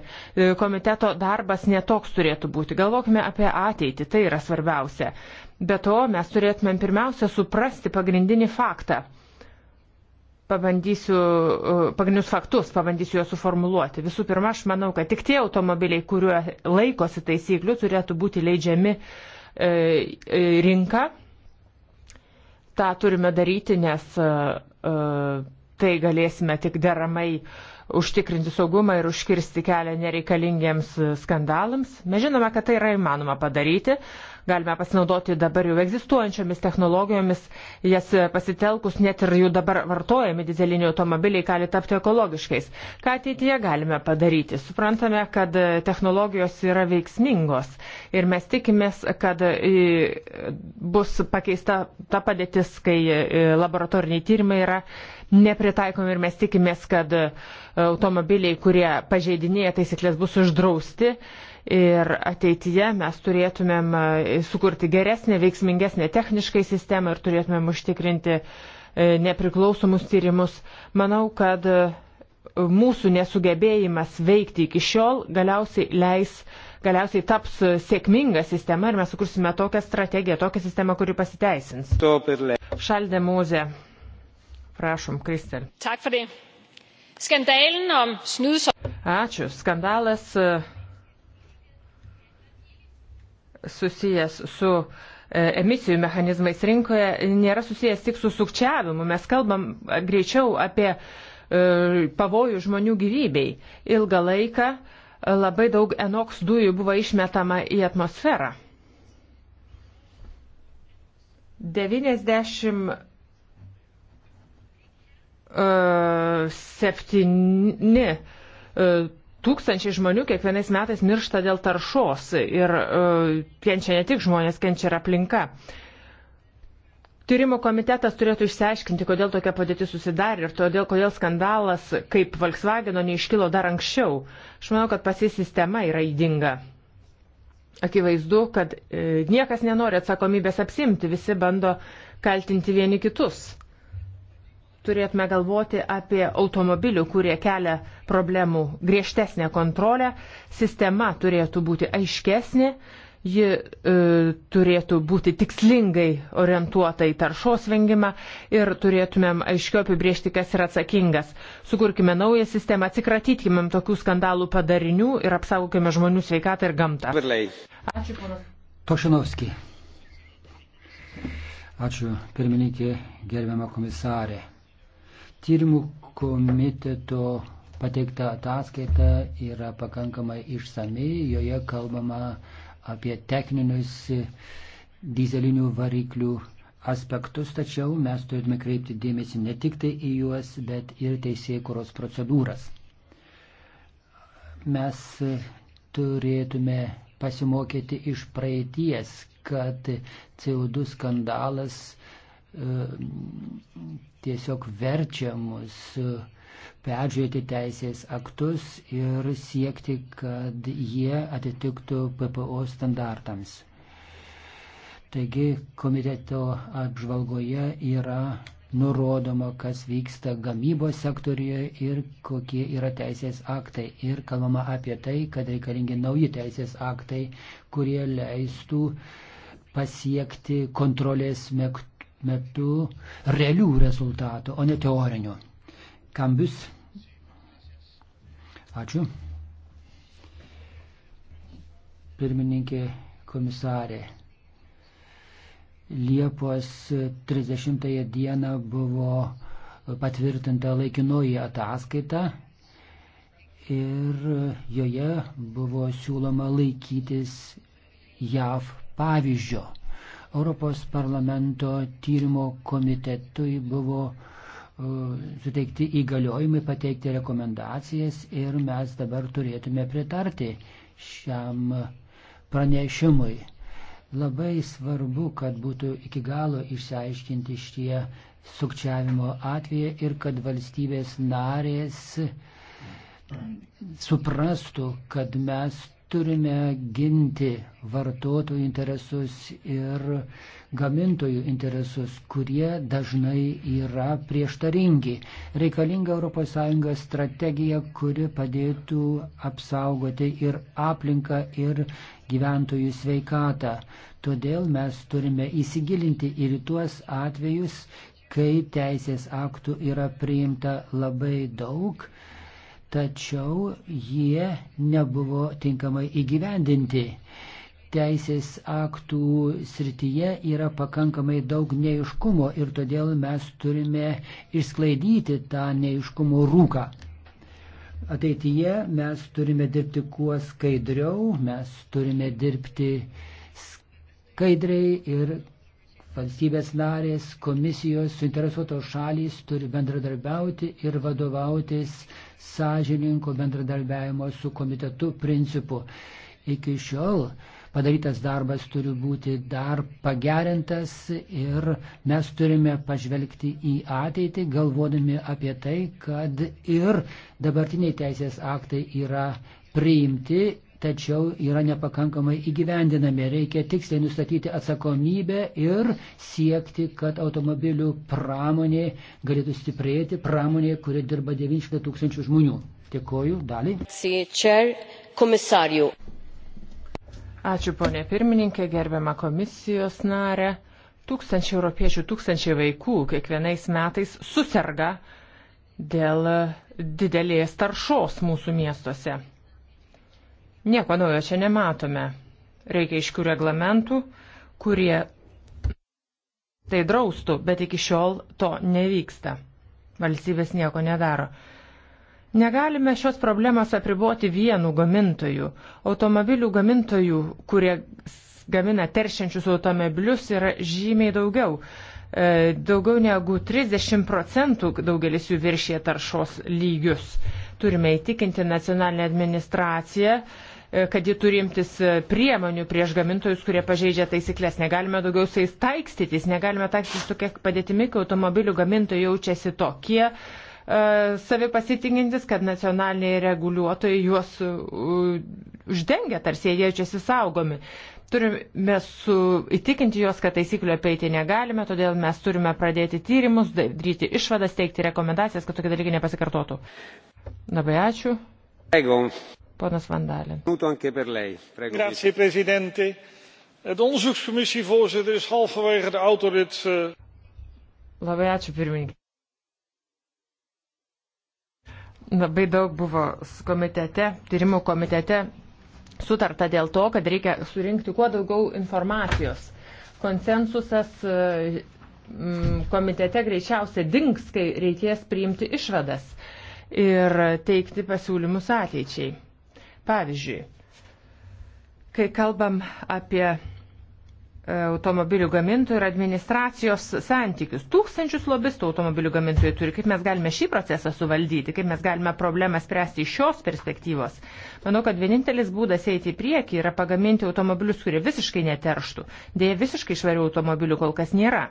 Komiteto darbas netoks turėtų būti. Galvokime apie ateitį, tai yra svarbiausia. Be to, mes turėtumėm pirmiausia suprasti pagrindinį faktą pabandysiu, uh, pagrindinius faktus pabandysiu juos suformuluoti. Visų pirma, aš manau, kad tik tie automobiliai, kurie laikosi taisyklių, turėtų būti leidžiami e, e, rinką. Ta turime daryti, nes e, e, tai galėsime tik deramai užtikrinti saugumą ir užkirsti kelią nereikalingiems skandalams. Mes žinome, kad tai yra įmanoma padaryti. Galime pasinaudoti dabar jau egzistuojančiomis technologijomis, jas pasitelkus net ir jų dabar vartojami dizeliniai automobiliai gali tapti ekologiškais. Ką ateityje galime padaryti? Suprantame, kad technologijos yra veiksmingos ir mes tikimės, kad bus pakeista ta padėtis, kai e, laboratoriniai tyrimai yra nepritaikomi ir mes tikimės, kad e, automobiliai, kurie pažeidinėja taisyklės, bus uždrausti ir ateityje mes turėtumėm e, sukurti geresnę, veiksmingesnę techniškai sistemą ir turėtumėm užtikrinti e, nepriklausomus tyrimus. Manau, kad e, mūsų nesugebėjimas veikti iki šiol galiausiai leis galiausiai taps sėkminga sistema ir mes sukursime tokią strategiją, tokią sistemą, kuri pasiteisins. Šaldė Mūzė. Prašom, Kristel. Ačiū. Skandalas susijęs su e, emisijų mechanizmais rinkoje nėra susijęs tik su sukčiavimu. Mes kalbam greičiau apie e, pavojų žmonių gyvybei. Ilgą laiką e, labai daug enoks dujų buvo išmetama į atmosferą. 90 7 Tūkstančiai žmonių kiekvienais metais miršta dėl taršos ir uh, kenčia ne tik žmonės, kenčia ir aplinka. Tyrimo komitetas turėtų išsiaiškinti, kodėl tokia padėtis susidarė ir todėl, kodėl skandalas kaip Volkswageno neiškilo dar anksčiau. Aš manau, kad pasi sistema yra įdinga. Akivaizdu, kad e, niekas nenori atsakomybės apsimti, visi bando kaltinti vieni kitus turėtume galvoti apie automobilių, kurie kelia problemų griežtesnę kontrolę. Sistema turėtų būti aiškesnė, ji e, turėtų būti tikslingai orientuota į taršos vengimą ir turėtumėm aiškiau apibriežti, kas yra atsakingas. Sukurkime naują sistemą, atsikratykime tokių skandalų padarinių ir apsaugokime žmonių sveikatą ir gamtą. Ačiū, ponas. Tošinovski. Ačiū, pirmininkė, gerbiama komisarė tyrimų komiteto pateikta ataskaita yra pakankamai išsami, joje kalbama apie techninius dizelinių variklių aspektus, tačiau mes turime kreipti dėmesį ne tik tai į juos, bet ir teisėkuros procedūras. Mes turėtume pasimokyti iš praeities, kad CO2 skandalas tiesiog verčia mus peržiūrėti teisės aktus ir siekti, kad jie atitiktų PPO standartams. Taigi komiteto apžvalgoje yra nurodoma, kas vyksta gamybos sektorijoje ir kokie yra teisės aktai. Ir kalbama apie tai, kad reikalingi nauji teisės aktai, kurie leistų pasiekti kontrolės mektų metu realių rezultatų, o ne teorinių. Kambius. Ačiū. Pirmininkė komisarė. Liepos 30 dieną buvo patvirtinta laikinoji ataskaita ir joje buvo siūloma laikytis JAV pavyzdžio. Europos parlamento tyrimo komitetui buvo e, suteikti įgaliojimai, pateikti rekomendacijas ir mes dabar turėtume pritarti šiam pranešimui. Labai svarbu, kad būtų iki galo išsiaiškinti šie sukčiavimo atvejai ir kad valstybės narės suprastų, kad mes turime ginti vartotojų interesus ir gamintojų interesus, kurie dažnai yra prieštaringi. Reikalinga ES strategija, kuri padėtų apsaugoti ir aplinką, ir gyventojų sveikatą. Todėl mes turime įsigilinti ir tuos atvejus, kai teisės aktų yra priimta labai daug tačiau jie nebuvo tinkamai įgyvendinti. Teisės aktų srityje yra pakankamai daug neiškumo ir todėl mes turime išsklaidyti tą neiškumo rūką. Ateityje mes turime dirbti kuo skaidriau, mes turime dirbti skaidriai ir valstybės narės, komisijos, suinteresuotos šalys turi bendradarbiauti ir vadovautis sąžininko bendradarbiavimo su komitetu principu. Iki šiol padarytas darbas turi būti dar pagerintas ir mes turime pažvelgti į ateitį, galvodami apie tai, kad ir dabartiniai teisės aktai yra priimti tačiau yra nepakankamai įgyvendinami. Reikia tiksliai nustatyti atsakomybę ir siekti, kad automobilių pramonė galėtų stiprėti, pramonė, kuri dirba 900 tūkstančių žmonių. Dėkoju, dalį. Ačiū, ponė pirmininkė, gerbiama komisijos narė. Tūkstančiai europiečių, tūkstančiai vaikų kiekvienais metais susirga dėl didelės taršos mūsų miestuose. Nieko naujo čia nematome. Reikia iškių reglamentų, kurie tai draustų, bet iki šiol to nevyksta. Valstybės nieko nedaro. Negalime šios problemos apriboti vienų gamintojų. Automobilių gamintojų, kurie gamina teršiančius automobilius, yra žymiai daugiau. E, daugiau negu 30 procentų daugelis jų viršė taršos lygius. Turime įtikinti nacionalinę administraciją, kad ji turi imtis e, priemonių prieš gamintojus, kurie pažeidžia taisyklės. Negalime daugiau su jais taikstytis, negalime taikstytis tokia padėtimi, kai automobilių gamintojai jaučiasi tokie e, savi pasitikintis, kad nacionaliniai reguliuotojai juos e, uždengia, tarsi jie jaučiasi saugomi turime su, įtikinti juos, kad taisyklių apeiti negalime, todėl mes turime pradėti tyrimus, daryti išvadas, teikti rekomendacijas, kad tokie dalykai nepasikartotų. Labai ačiū. Eigum. Ponas Vandalė. Grazie, prezidentė. De onderzoekscommissie, voorzitter, is halverwege de autorit. Eh, Labai ačiū, pirmininkai. Labai daug buvo komitete, tyrimų komitete sutarta dėl to, kad reikia surinkti kuo daugiau informacijos. Konsensusas e, komitete greičiausiai dinks, kai reikės priimti išvadas ir teikti pasiūlymus ateičiai. Pavyzdžiui, kai kalbam apie e, automobilių gamintojų ir administracijos santykius. Tūkstančius lobistų automobilių gamintojų turi. Kaip mes galime šį procesą suvaldyti, kaip mes galime problemą spręsti iš šios perspektyvos. Manau, kad vienintelis būdas eiti į priekį yra pagaminti automobilius, kurie visiškai neterštų. Dėja, visiškai švarių automobilių kol kas nėra.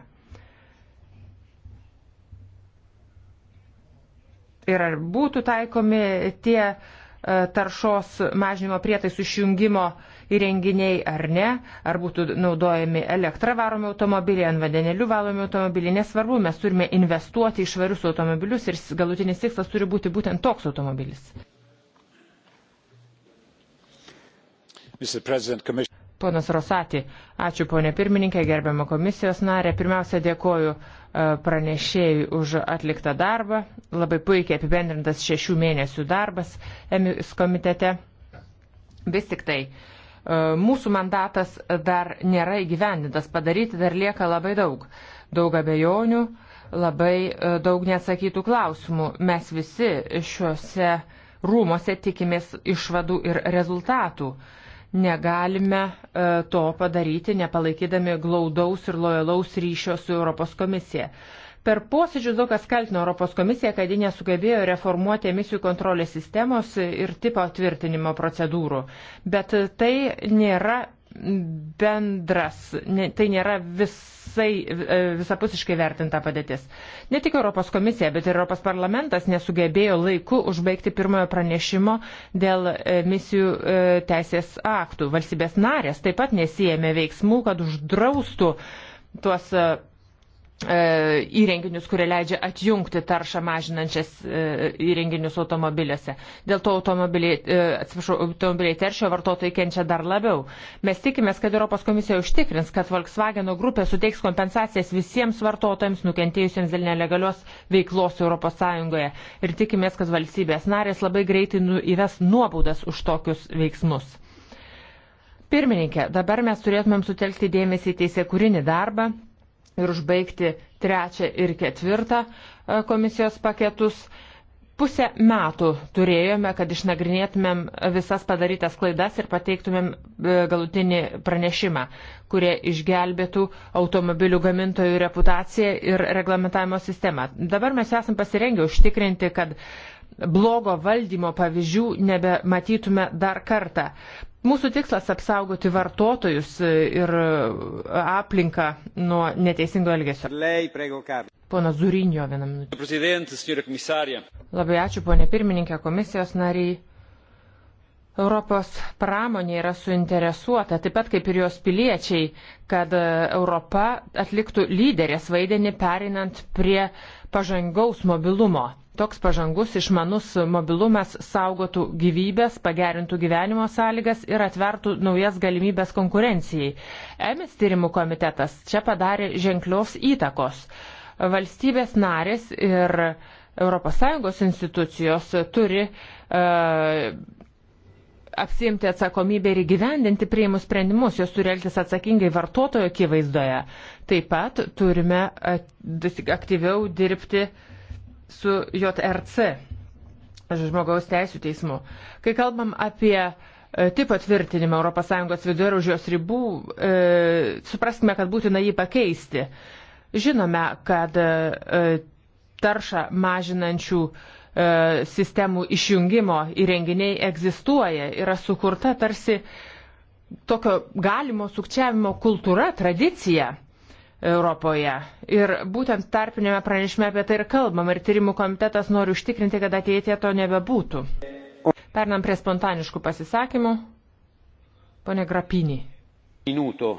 Ir ar būtų taikomi tie uh, E, taršos mažinimo prietaisų išjungimo įrenginiai ar ne, ar būtų naudojami elektrą varomi automobiliai, ant vandenelių valomi automobiliai, nesvarbu, mes turime investuoti į švarius automobilius ir galutinis tikslas turi būti būtent toks automobilis. Ponas Rosati, ačiū ponė pirmininkė, gerbiamo komisijos narė. Pirmiausia, dėkoju pranešėjui už atliktą darbą. Labai puikiai apibendrintas šešių mėnesių darbas EMIS komitete. Vis tik tai e, mūsų mandatas dar nėra įgyvendintas, padaryti dar lieka labai daug. Daug abejonių, labai e, daug nesakytų klausimų. Mes visi šiuose rūmose tikimės išvadų ir rezultatų negalime e, to padaryti, nepalaikydami glaudaus ir lojalaus ryšio su Europos komisija. Per posėdžius daug kas kaltino Europos komisiją, kad ji nesugebėjo reformuoti emisijų kontrolės sistemos ir tipo tvirtinimo procedūrų. Bet tai nėra bendras, tai nėra vis visai, e, visapusiškai vertinta padėtis. Ne tik Europos komisija, bet ir Europos parlamentas nesugebėjo laiku užbaigti pirmojo pranešimo dėl e, misijų e, teisės aktų. Valstybės narės taip pat nesijėmė veiksmų, kad uždraustų tuos E, įrenginius, kurie leidžia atjungti taršą mažinančias e, įrenginius automobiliuose. Dėl to automobiliai, e, atsiprašau, automobiliai teršio vartotojai kenčia dar labiau. Mes tikimės, kad Europos komisija užtikrins, kad Volkswagen grupė suteiks kompensacijas visiems vartotojams nukentėjusiems dėl nelegalios veiklos ES ir tikimės, kad valstybės narės labai greitai nu, įves nuobaudas už tokius veiksmus. Pirmininkė, dabar mes turėtumėm sutelkti dėmesį į teisėkurinį darbą ir užbaigti trečią ir ketvirtą e, komisijos paketus. Pusę metų turėjome, kad išnagrinėtumėm visas padarytas klaidas ir pateiktumėm e, galutinį pranešimą, kurie išgelbėtų automobilių gamintojų reputaciją ir reglamentavimo sistemą. Dabar mes esam pasirengę užtikrinti, kad blogo valdymo pavyzdžių nebematytume dar kartą. Mūsų tikslas apsaugoti vartotojus ir aplinką nuo neteisingo elgesio. Pona Zurinio vieną minutę. Labai ačiū, ponė pirmininkė, komisijos nariai. Europos pramonė yra suinteresuota, taip pat kaip ir jos piliečiai, kad Europa atliktų lyderės vaidinį perinant prie pažangaus mobilumo. Toks pažangus išmanus mobilumas saugotų gyvybės, pagerintų gyvenimo sąlygas ir atvertų naujas galimybės konkurencijai. EMIS tyrimų komitetas čia padarė ženklios įtakos. Valstybės narės ir ES institucijos turi uh, apsiimti atsakomybę ir įgyvendinti prieimus sprendimus, jos turi elgtis atsakingai vartotojo akivaizdoje. Taip pat turime aktyviau dirbti uh, su JRC, žmogaus teisų teismu. Kai kalbam apie e, tipo tvirtinimą ES viduje ir už jos ribų, e, supraskime, kad būtina jį pakeisti. Žinome, kad e, e, taršą mažinančių e, sistemų išjungimo įrenginiai egzistuoja, yra sukurta tarsi tokio galimo sukčiavimo kultūra, tradicija. Europoje. Ir būtent tarpinėme pranešime apie tai ir kalbam. Ir tyrimų komitetas nori užtikrinti, kad ateitie to nebebūtų. Pernam prie spontaniškų pasisakymų. Pone Grapinį. Minuto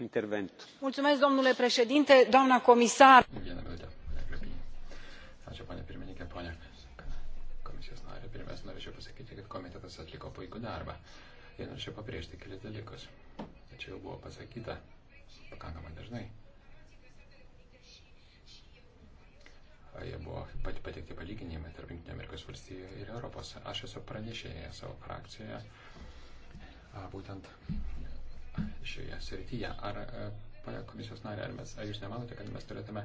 domnule președinte doamnă comisar ačiū pone pirmininke pone komisijos nare pirmiausia norėčiau pasakyti kad komitetas atliko puikų darbą ir norėčiau pabrėžti kelis dalykus tai čia jau buvo pasakyta pakankamai dažnai. Jie buvo patikti palyginimai tarp Junktinio Amerikos valstijų ir Europos. Aš esu pranešėję savo frakcijoje būtent šioje srityje. Ar, ponia komisijos narė, ar, mes, ar jūs nemanote, kad mes turėtume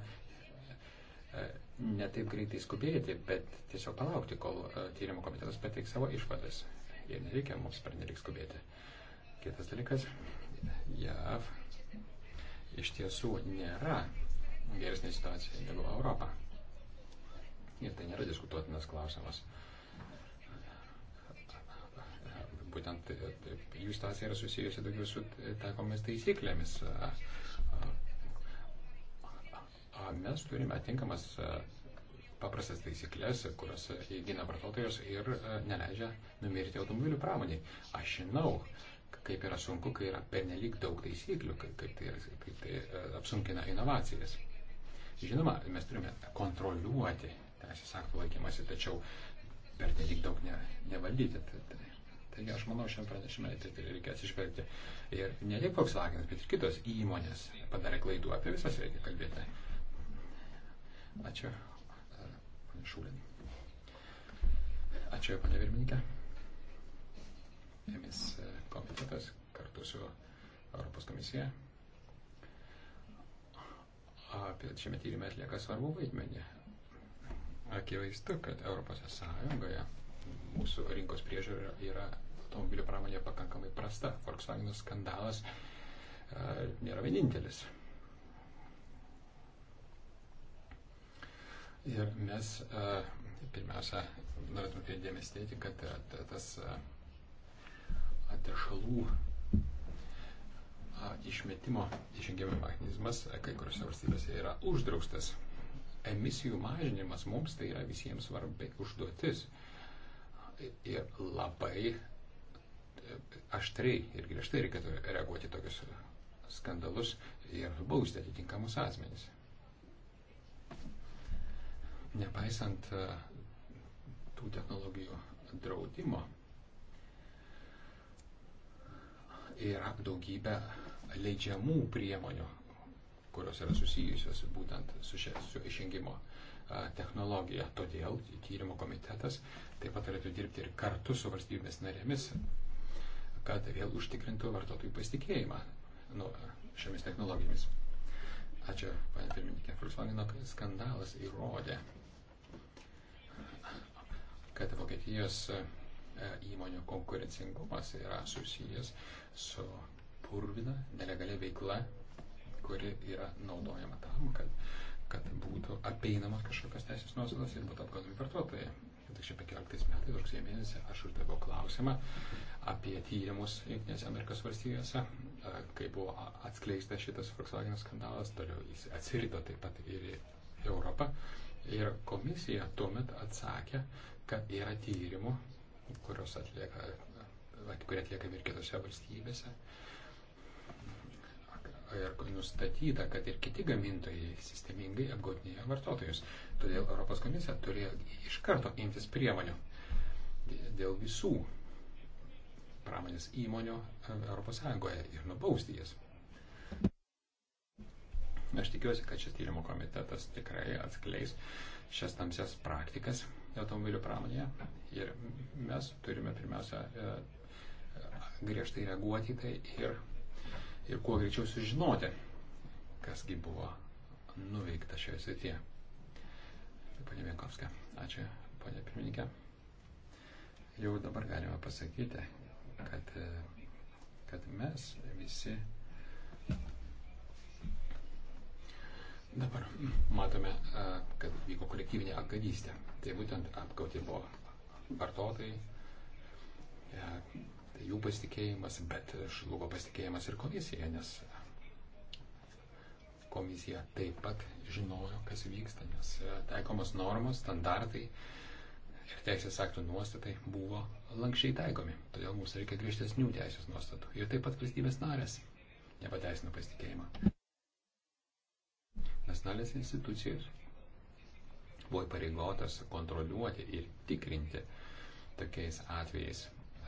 ne taip greitai skubėti, bet tiesiog palaukti, kol tyrimo komitetas pateiks savo išvadas. Ir nereikia mums pernelik skubėti. Kitas dalykas, JAV iš tiesų nėra geresnė situacija negu Europa. Ir tai nėra diskutuotinas klausimas. Būtent tai, tai jų situacija yra susijusi daugiau su taikomis taisyklėmis. Mes turime atinkamas paprastas taisyklės, kurios gina vartotojus ir neleidžia numirti automobilių pramoniai. Aš žinau, kaip yra sunku, kai yra pernelyg daug taisyklių, kaip, kaip tai, kaip tai e, apsunkina inovacijas. Žinoma, mes turime kontroliuoti teisės aktų laikymasi, tačiau pernelyg daug ne, nevaldyti. Taigi aš manau, šiam pranešimui tai, tai reikia atsižvelgti. Ir ne tik Volkswagen, bet ir kitos įmonės padarė klaidų, apie visas reikia kalbėti. Ačiū, e, Šūlin. Ačiū, panė Virmininkė. Žemės e, komitetas kartu su Europos komisija apie šiame tyrimė atlieka svarbu vaidmenį. Akivaizdu, kad Europos Sąjungoje mūsų rinkos priežiūra yra automobilių pramonėje pakankamai prasta. Volkswagen skandalas e, nėra vienintelis. Ir mes e, pirmiausia norėtume kreipdėmės teikti, kad e, tas. E, atrešalų išmetimo išjungimo mechanizmas e, kai kuriuose valstybėse yra uždraustas. Emisijų mažinimas mums tai yra visiems svarbi užduotis. Ir labai e, aštriai ir griežtai reikėtų reaguoti tokius skandalus ir bausti atitinkamus asmenys. Nepaisant e, tų technologijų draudimo, yra daugybė leidžiamų priemonių, kurios yra susijusios būtent su, šia, su išjungimo technologija. Todėl tyrimo komitetas taip pat turėtų dirbti ir kartu su valstybėmis narėmis, kad vėl užtikrintų vartotojų pasitikėjimą nu, šiomis technologijomis. Ačiū, panė pirmininkė. Volkswagen skandalas įrodė, kad Vokietijos E, įmonių konkurencingumas yra susijęs su purvina nelegalia veikla, kuri yra naudojama tam, kad, kad būtų apeinama kažkokios teisės nuostatos ir būtų apgaunami vartotojai. 2015 metais rugsėjo mėnesį aš uždaviau klausimą apie tyrimus Junktinėse Amerikos valstijose, e, kai buvo atskleista šitas Volkswagen skandalas, toliau jis atsirito taip pat ir į Europą. Ir komisija tuomet atsakė, kad yra tyrimų kurios atlieka, kurie atliekami ir kitose valstybėse. Ir nustatyta, kad ir kiti gamintojai sistemingai apgaudinėja vartotojus. Todėl Europos komisija turėjo iš karto imtis priemonių dėl visų pramonės įmonių ES ir nubausti jas. Aš tikiuosi, kad šis tyrimo komitetas tikrai atskleis šias tamsias praktikas automobilių pramonėje ir mes turime pirmiausia e, griežtai reaguoti į tai ir, ir kuo greičiau sužinoti, kasgi buvo nuveikta šioje srityje. Pane Vienkovska, ačiū, ponė pirmininkė. Jau dabar galime pasakyti, kad, e, kad mes visi Dabar matome, e, kad vyko kolektyvinė apgavystė. Tai būtent apgauti buvo vartotojai, e, tai jų pasitikėjimas, bet žlugo pasitikėjimas ir komisija, nes komisija taip pat žinojo, kas vyksta, nes e, taikomos normos, standartai ir teisės aktų nuostatai buvo lankščiai taikomi. Todėl mums reikia griežtesnių teisės nuostatų. Ir taip pat valstybės narės nepateisino pasitikėjimą nacionalinės institucijos buvo įpareigotas kontroliuoti ir tikrinti tokiais atvejais,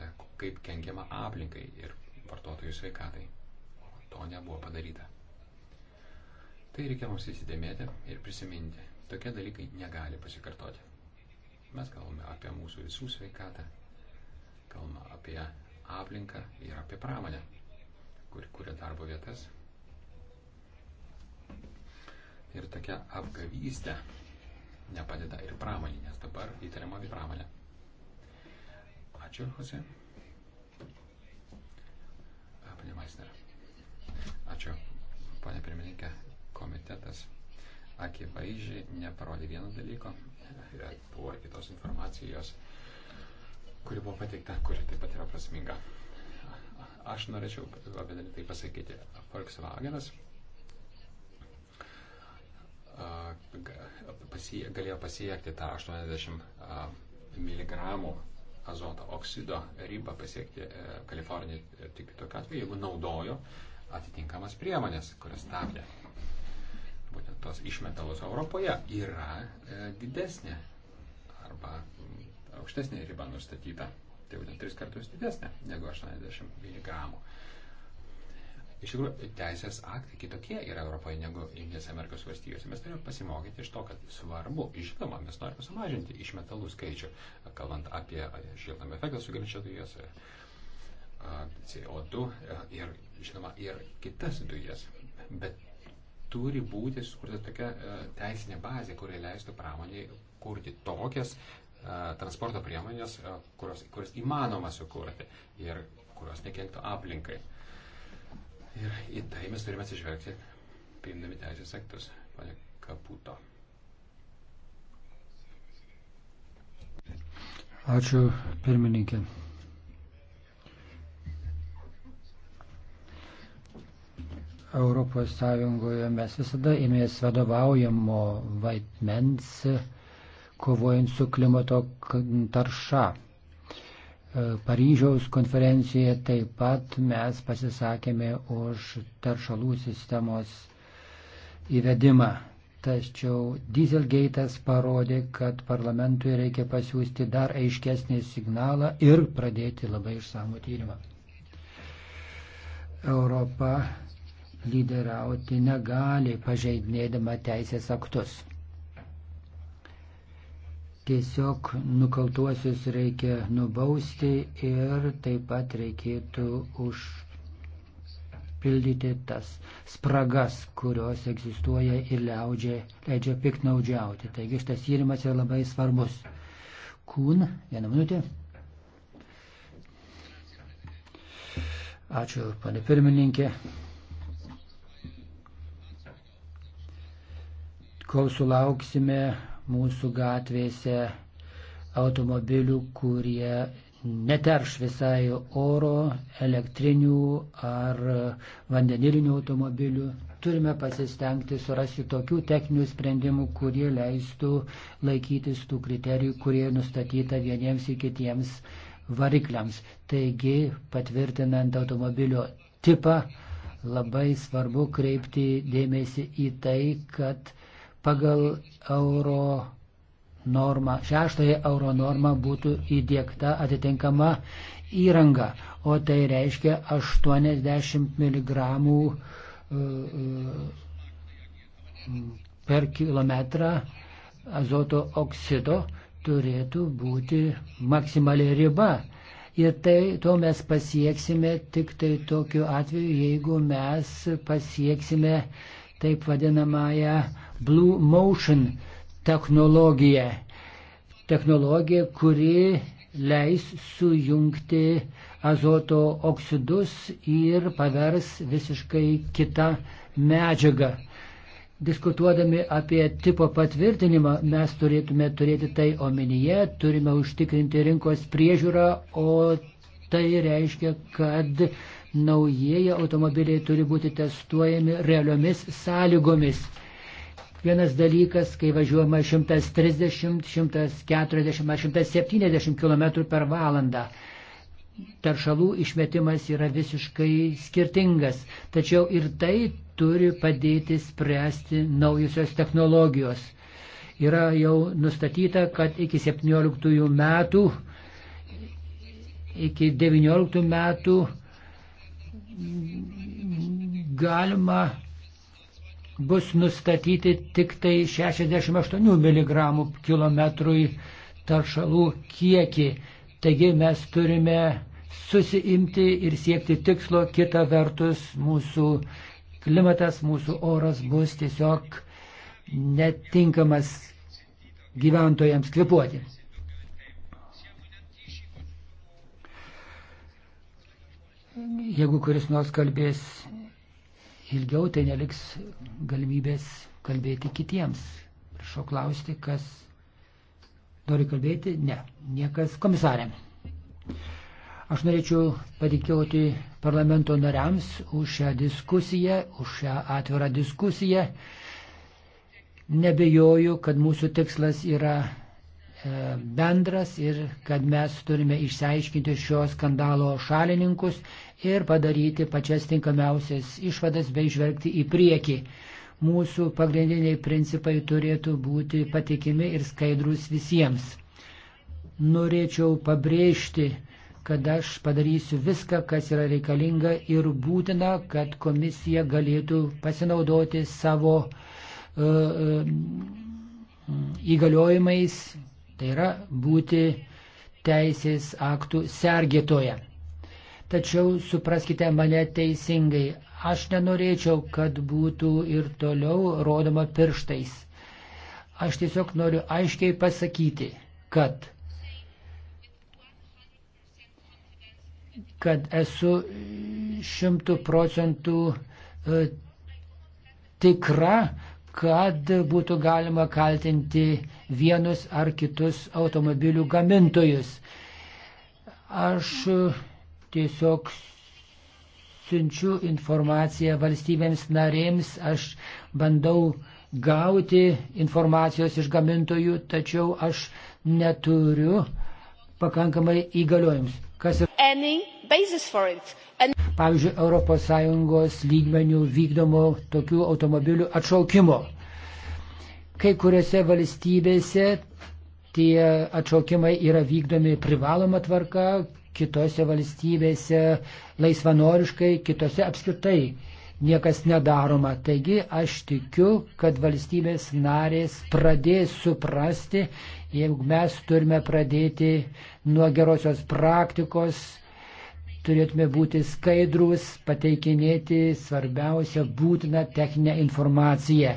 e, kaip kenkiama aplinkai ir vartotojų sveikatai. To nebuvo padaryta. Tai reikia mums įsidėmėti ir prisiminti. Tokie dalykai negali pasikartoti. Mes kalbame apie mūsų visų sveikatą, kalbame apie aplinką ir apie pramonę, kur kuria darbo vietas, ir tokia apgavystė nepadeda ir pramonė, nes dabar įtariama į pramonę. Ačiū, Jose. Pane Maisner. Ačiū, pane pirmininkė. Komitetas akivaizdžiai neparodė vieno dalyko. E, buvo ir kitos informacijos, kuri buvo pateikta, kuri taip pat yra prasminga. Aš norėčiau apie tai pasakyti. Volkswagenas pasie, galėjo pasiekti tą 80 mg azoto oksido ribą pasiekti e, Kalifornijoje tik tokiu atveju, jeigu naudojo atitinkamas priemonės, kurias stabdė. Būtent tos išmetalus Europoje yra e, didesnė arba mm, aukštesnė riba nustatyta. Tai būtent tris kartus didesnė negu 80 mg. Iš tikrųjų, teisės aktai kitokie yra Europoje negu Junktinės Amerikos valstijose. Mes turime pasimokyti iš to, kad svarbu, žinoma, mes norime sumažinti išmetalų skaičių, kalbant apie e, šiltnamio efektą sugeriančią dujas, e, CO2 e, ir, žinoma, ir kitas dujas. Bet turi būti sukurta tokia teisinė bazė, kuri leistų pramoniai kurti tokias transporto priemonės, kurios, kurios įmanoma sukurti ir kurios nekenktų aplinkai. Ir į tai mes turime atsižvelgti, priimdami teisės aktus, pane Kaputo. Ačiū, pirmininkė. Europos Sąjungoje mes visada ėmės vadovaujamo vaidmens kovojant su klimato tarša. E, Paryžiaus konferencijoje taip pat mes pasisakėme už taršalų sistemos įvedimą. Tačiau Dieselgate'as parodė, kad parlamentui reikia pasiūsti dar aiškesnį signalą ir pradėti labai išsamų tyrimą. Europa lyderiauti negali pažeidinėdama teisės aktus. Tiesiog nukaltuosius reikia nubausti ir taip pat reikėtų užpildyti tas spragas, kurios egzistuoja ir leidžia, leidžia piknaudžiauti. Taigi šitas tyrimas yra labai svarbus. Kūn, vieną minutę. Ačiū, pane pirmininkė. Kol sulauksime mūsų gatvėse automobilių, kurie neterš visai oro, elektrinių ar vandenilinių automobilių. Turime pasistengti surasti tokių techninių sprendimų, kurie leistų laikytis tų kriterijų, kurie nustatyta vieniems ir kitiems varikliams. Taigi, patvirtinant automobilio tipą, labai svarbu kreipti dėmesį į tai, kad pagal euro normą, šeštąją euro normą būtų įdėkta atitinkama įranga, o tai reiškia 80 mg e, e, per kilometrą azoto oksido turėtų būti maksimali riba. Ir tai to mes pasieksime tik tai tokiu atveju, jeigu mes pasieksime taip vadinamąją Blue Motion technologija. Technologija, kuri leis sujungti azoto oksidus ir pavers visiškai kitą medžiagą. Diskutuodami apie tipo patvirtinimą, mes turėtume turėti tai omenyje, turime užtikrinti rinkos priežiūrą, o tai reiškia, kad naujieji automobiliai turi būti testuojami realiomis sąlygomis. Vienas dalykas, kai važiuojama 130, 140 ar 170 km per valandą. Taršalų išmetimas yra visiškai skirtingas, tačiau ir tai turi padėti spręsti naujusios technologijos. Yra jau nustatyta, kad iki 17 metų, iki 19 metų galima bus nustatyti tik tai 68 mg kilometrui taršalų kiekį. Taigi mes turime susiimti ir siekti tikslo, kita vertus mūsų klimatas, mūsų oras bus tiesiog netinkamas gyventojams kvepuoti. Jeigu kuris nors kalbės ilgiau tai neliks galimybės kalbėti kitiems. Prašau klausti, kas nori kalbėti? Ne, niekas komisarė. Aš norėčiau padėkoti parlamento nariams už šią diskusiją, už šią atvirą diskusiją. Nebejoju, kad mūsų tikslas yra E, bendras ir kad mes turime išsiaiškinti šio skandalo šalininkus ir padaryti pačias tinkamiausias išvadas bei žvelgti į priekį. Mūsų pagrindiniai principai turėtų būti patikimi ir skaidrus visiems. Norėčiau pabrėžti, kad aš padarysiu viską, kas yra reikalinga ir būtina, kad komisija galėtų pasinaudoti savo uh, uh, įgaliojimais Tai yra būti teisės aktų sergėtoje. Tačiau supraskite mane teisingai, aš nenorėčiau, kad būtų ir toliau rodoma pirštais. Aš tiesiog noriu aiškiai pasakyti, kad, kad esu šimtų procentų e, tikra, kad būtų galima kaltinti vienus ar kitus automobilių gamintojus. Aš tiesiog siunčiu informaciją valstybėms narėms, aš bandau gauti informacijos iš gamintojų, tačiau aš neturiu pakankamai įgaliojimus. Kas yra? pavyzdžiui, ES lygmenių vykdomo tokių automobilių atšaukimo. Kai kuriuose valstybėse tie atšaukimai yra vykdomi privaloma tvarka, kitose valstybėse laisvanoriškai, kitose apskritai niekas nedaroma. Taigi aš tikiu, kad valstybės narės pradės suprasti, jeigu mes turime pradėti nuo gerosios praktikos, turėtume būti skaidrus, pateikinėti svarbiausią būtiną techninę informaciją.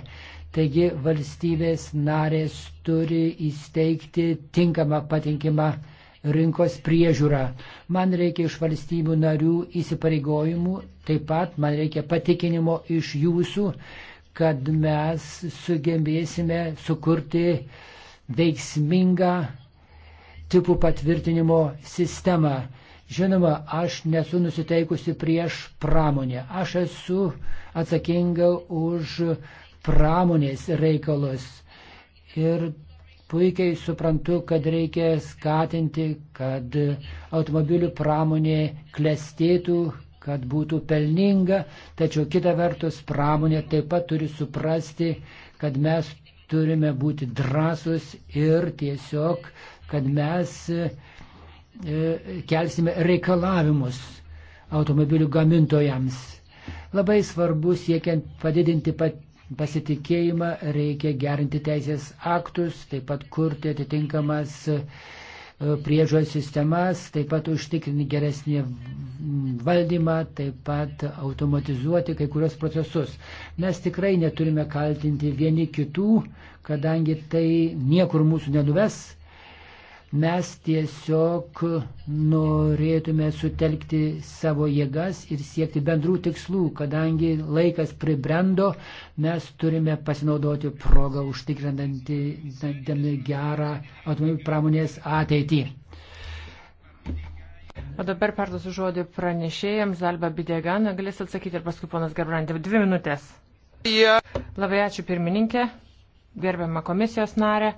Taigi valstybės narės turi įsteigti tinkamą patinkimą rinkos priežiūrą. Man reikia iš valstybių narių įsipareigojimų, taip pat man reikia patikinimo iš jūsų, kad mes sugebėsime sukurti veiksmingą tipų patvirtinimo sistemą. Žinoma, aš nesu nusiteikusi prieš pramonę. Aš esu atsakinga už pramonės reikalus. Ir puikiai suprantu, kad reikia skatinti, kad automobilių pramonė klestėtų, kad būtų pelninga, tačiau kita vertus pramonė taip pat turi suprasti, kad mes turime būti drąsus ir tiesiog, kad mes E, kelsime reikalavimus automobilių gamintojams. Labai svarbu siekiant padidinti pasitikėjimą, reikia gerinti teisės aktus, taip pat kurti atitinkamas e, priežiūros sistemas, taip pat užtikrinti geresnį valdymą, taip pat automatizuoti kai kurios procesus. Mes tikrai neturime kaltinti vieni kitų, kadangi tai niekur mūsų neduves Mes tiesiog norėtume sutelkti savo jėgas ir siekti bendrų tikslų, kadangi laikas pribrendo, mes turime pasinaudoti progą užtikrinantį gerą automobilių pramonės ateitį. O dabar perduosiu žodį pranešėjams, Alba Bidegana, galės atsakyti ir paskui ponas Garbrandė. Dvi minutės. Yeah. Labai ačiū pirmininkė, gerbiama komisijos narė.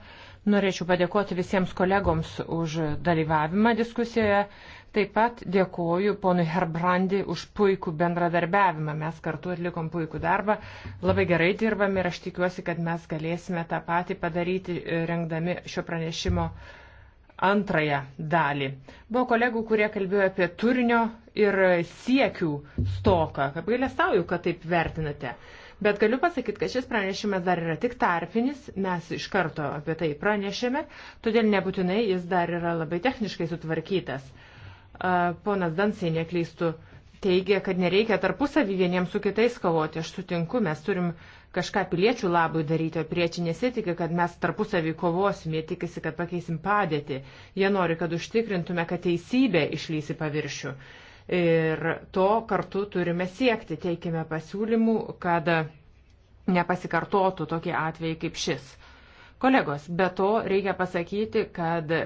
Norėčiau padėkoti visiems kolegoms už dalyvavimą diskusijoje. Taip pat dėkoju ponui Herbrandi už puikų bendradarbiavimą. Mes kartu atlikom puikų darbą, labai gerai dirbam ir aš tikiuosi, kad mes galėsime tą patį padaryti e, rengdami šio pranešimo antrąją dalį. Buvo kolegų, kurie kalbėjo apie turinio ir siekių stoką. Apgailestauju, kad taip vertinate. Bet galiu pasakyti, kad šis pranešimas dar yra tik tarpinis, mes iš karto apie tai pranešėme, todėl nebūtinai jis dar yra labai techniškai sutvarkytas. Ponas Dansai neklystų teigia, kad nereikia tarpusavį vieniems su kitais kovoti. Aš sutinku, mes turim kažką piliečių labui daryti, o priečiai nesitikė, kad mes tarpusavį kovosime, jie tikisi, kad pakeisim padėtį. Jie nori, kad užtikrintume, kad teisybė išlys į paviršių. Ir to kartu turime siekti, teikime pasiūlymų, kad nepasikartotų tokie atvejai kaip šis. Kolegos, be to reikia pasakyti, kad e,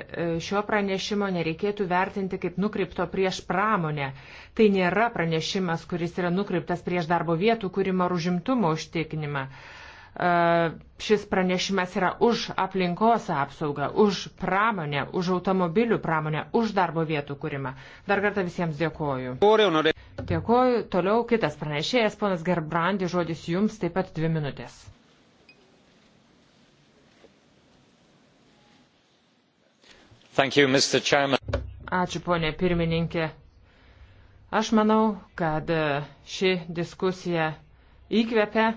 šio pranešimo nereikėtų vertinti kaip nukreipto prieš pramonę. Tai nėra pranešimas, kuris yra nukreiptas prieš darbo vietų kūrimą ar užimtumo užtikrinimą šis pranešimas yra už aplinkos apsaugą, už pramonę, už automobilių pramonę, už darbo vietų kūrimą. Dar kartą visiems dėkoju. Dėkoju. Toliau kitas pranešėjas, ponas Gerbrandi, žodis jums taip pat dvi minutės. Thank you, Mr. Chairman. Ačiū, ponė pirmininkė. Aš manau, kad ši diskusija įkvepia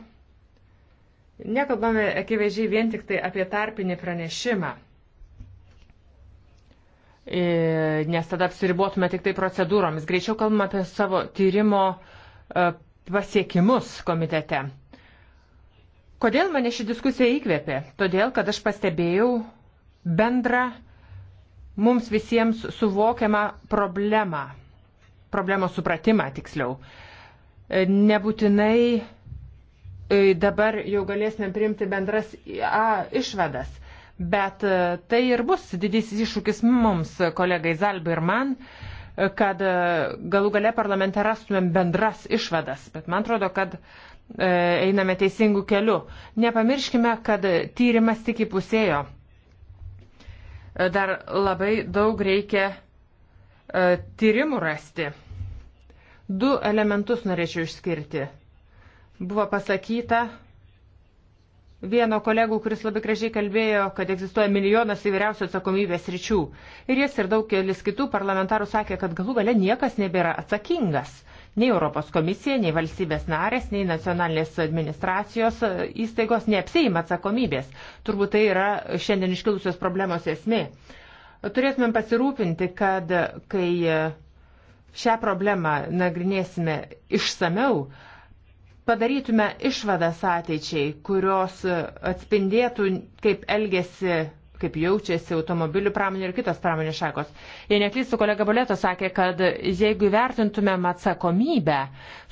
Nekalbame akivaizdžiai vien tik tai apie tarpinį pranešimą, e, nes tada apsiribotume tik tai procedūromis. Greičiau kalbame apie savo tyrimo e, pasiekimus komitete. Kodėl mane ši diskusija įkvėpė? Todėl, kad aš pastebėjau bendrą mums visiems suvokiamą problemą, problemos supratimą tiksliau. E, nebūtinai E, dabar jau galėsime priimti bendras a, išvadas. Bet e, tai ir bus didysis iššūkis mums, kolegai Zalbai ir man, e, kad galų gale parlamente rastumėm bendras išvadas. Bet man atrodo, kad einame teisingų kelių. Nepamirškime, kad tyrimas tik įpusėjo. Dar labai daug reikia tyrimų rasti. Du elementus norėčiau išskirti Buvo pasakyta vieno kolegų, kuris labai gražiai kalbėjo, kad egzistuoja milijonas įvairiausių atsakomybės ryčių. Ir jis ir daugelis kitų parlamentarų sakė, kad galų gale niekas nebėra atsakingas. Nei Europos komisija, nei valstybės narės, nei nacionalinės administracijos įstaigos neapsėjima atsakomybės. Turbūt tai yra šiandien iškilusios problemos esmė. Turėtumėm pasirūpinti, kad kai šią problemą nagrinėsime išsameu, padarytume išvadas ateičiai, kurios atspindėtų, kaip elgesi, kaip jaučiasi automobilių pramonė ir kitos pramonės šakos. Jei neklystų, kolega Boleto sakė, kad jeigu vertintumėm atsakomybę,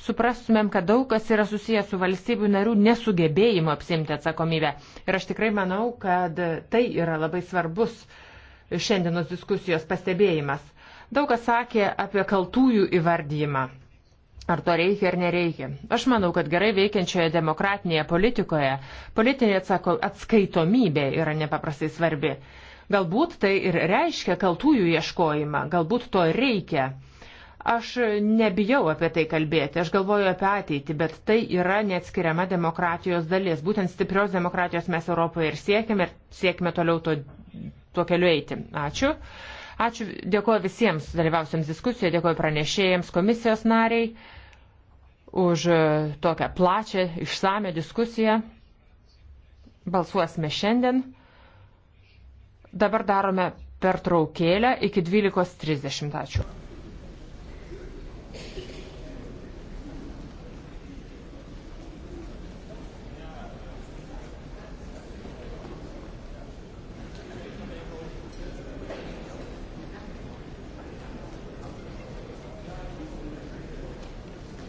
suprastumėm, kad daug kas yra susijęs su valstybių narių nesugebėjimu apsimti atsakomybę. Ir aš tikrai manau, kad tai yra labai svarbus šiandienos diskusijos pastebėjimas. Daug kas sakė apie kaltųjų įvardyjimą. Ar to reikia ar nereikia? Aš manau, kad gerai veikiančioje demokratinėje politikoje politinė atsako, atskaitomybė yra nepaprastai svarbi. Galbūt tai ir reiškia kaltųjų ieškojimą, galbūt to reikia. Aš nebijau apie tai kalbėti, aš galvoju apie ateitį, bet tai yra neatskiriama demokratijos dalis. Būtent stiprios demokratijos mes Europoje ir siekime ir siekime toliau to, tuo keliu eiti. Ačiū. Ačiū, dėkuoju visiems dalyvausiems diskusijoje, dėkuoju pranešėjams, komisijos nariai už e, tokią plačią, išsame diskusiją. Balsuosime šiandien. Dabar darome pertraukėlę iki 12.30. Ačiū.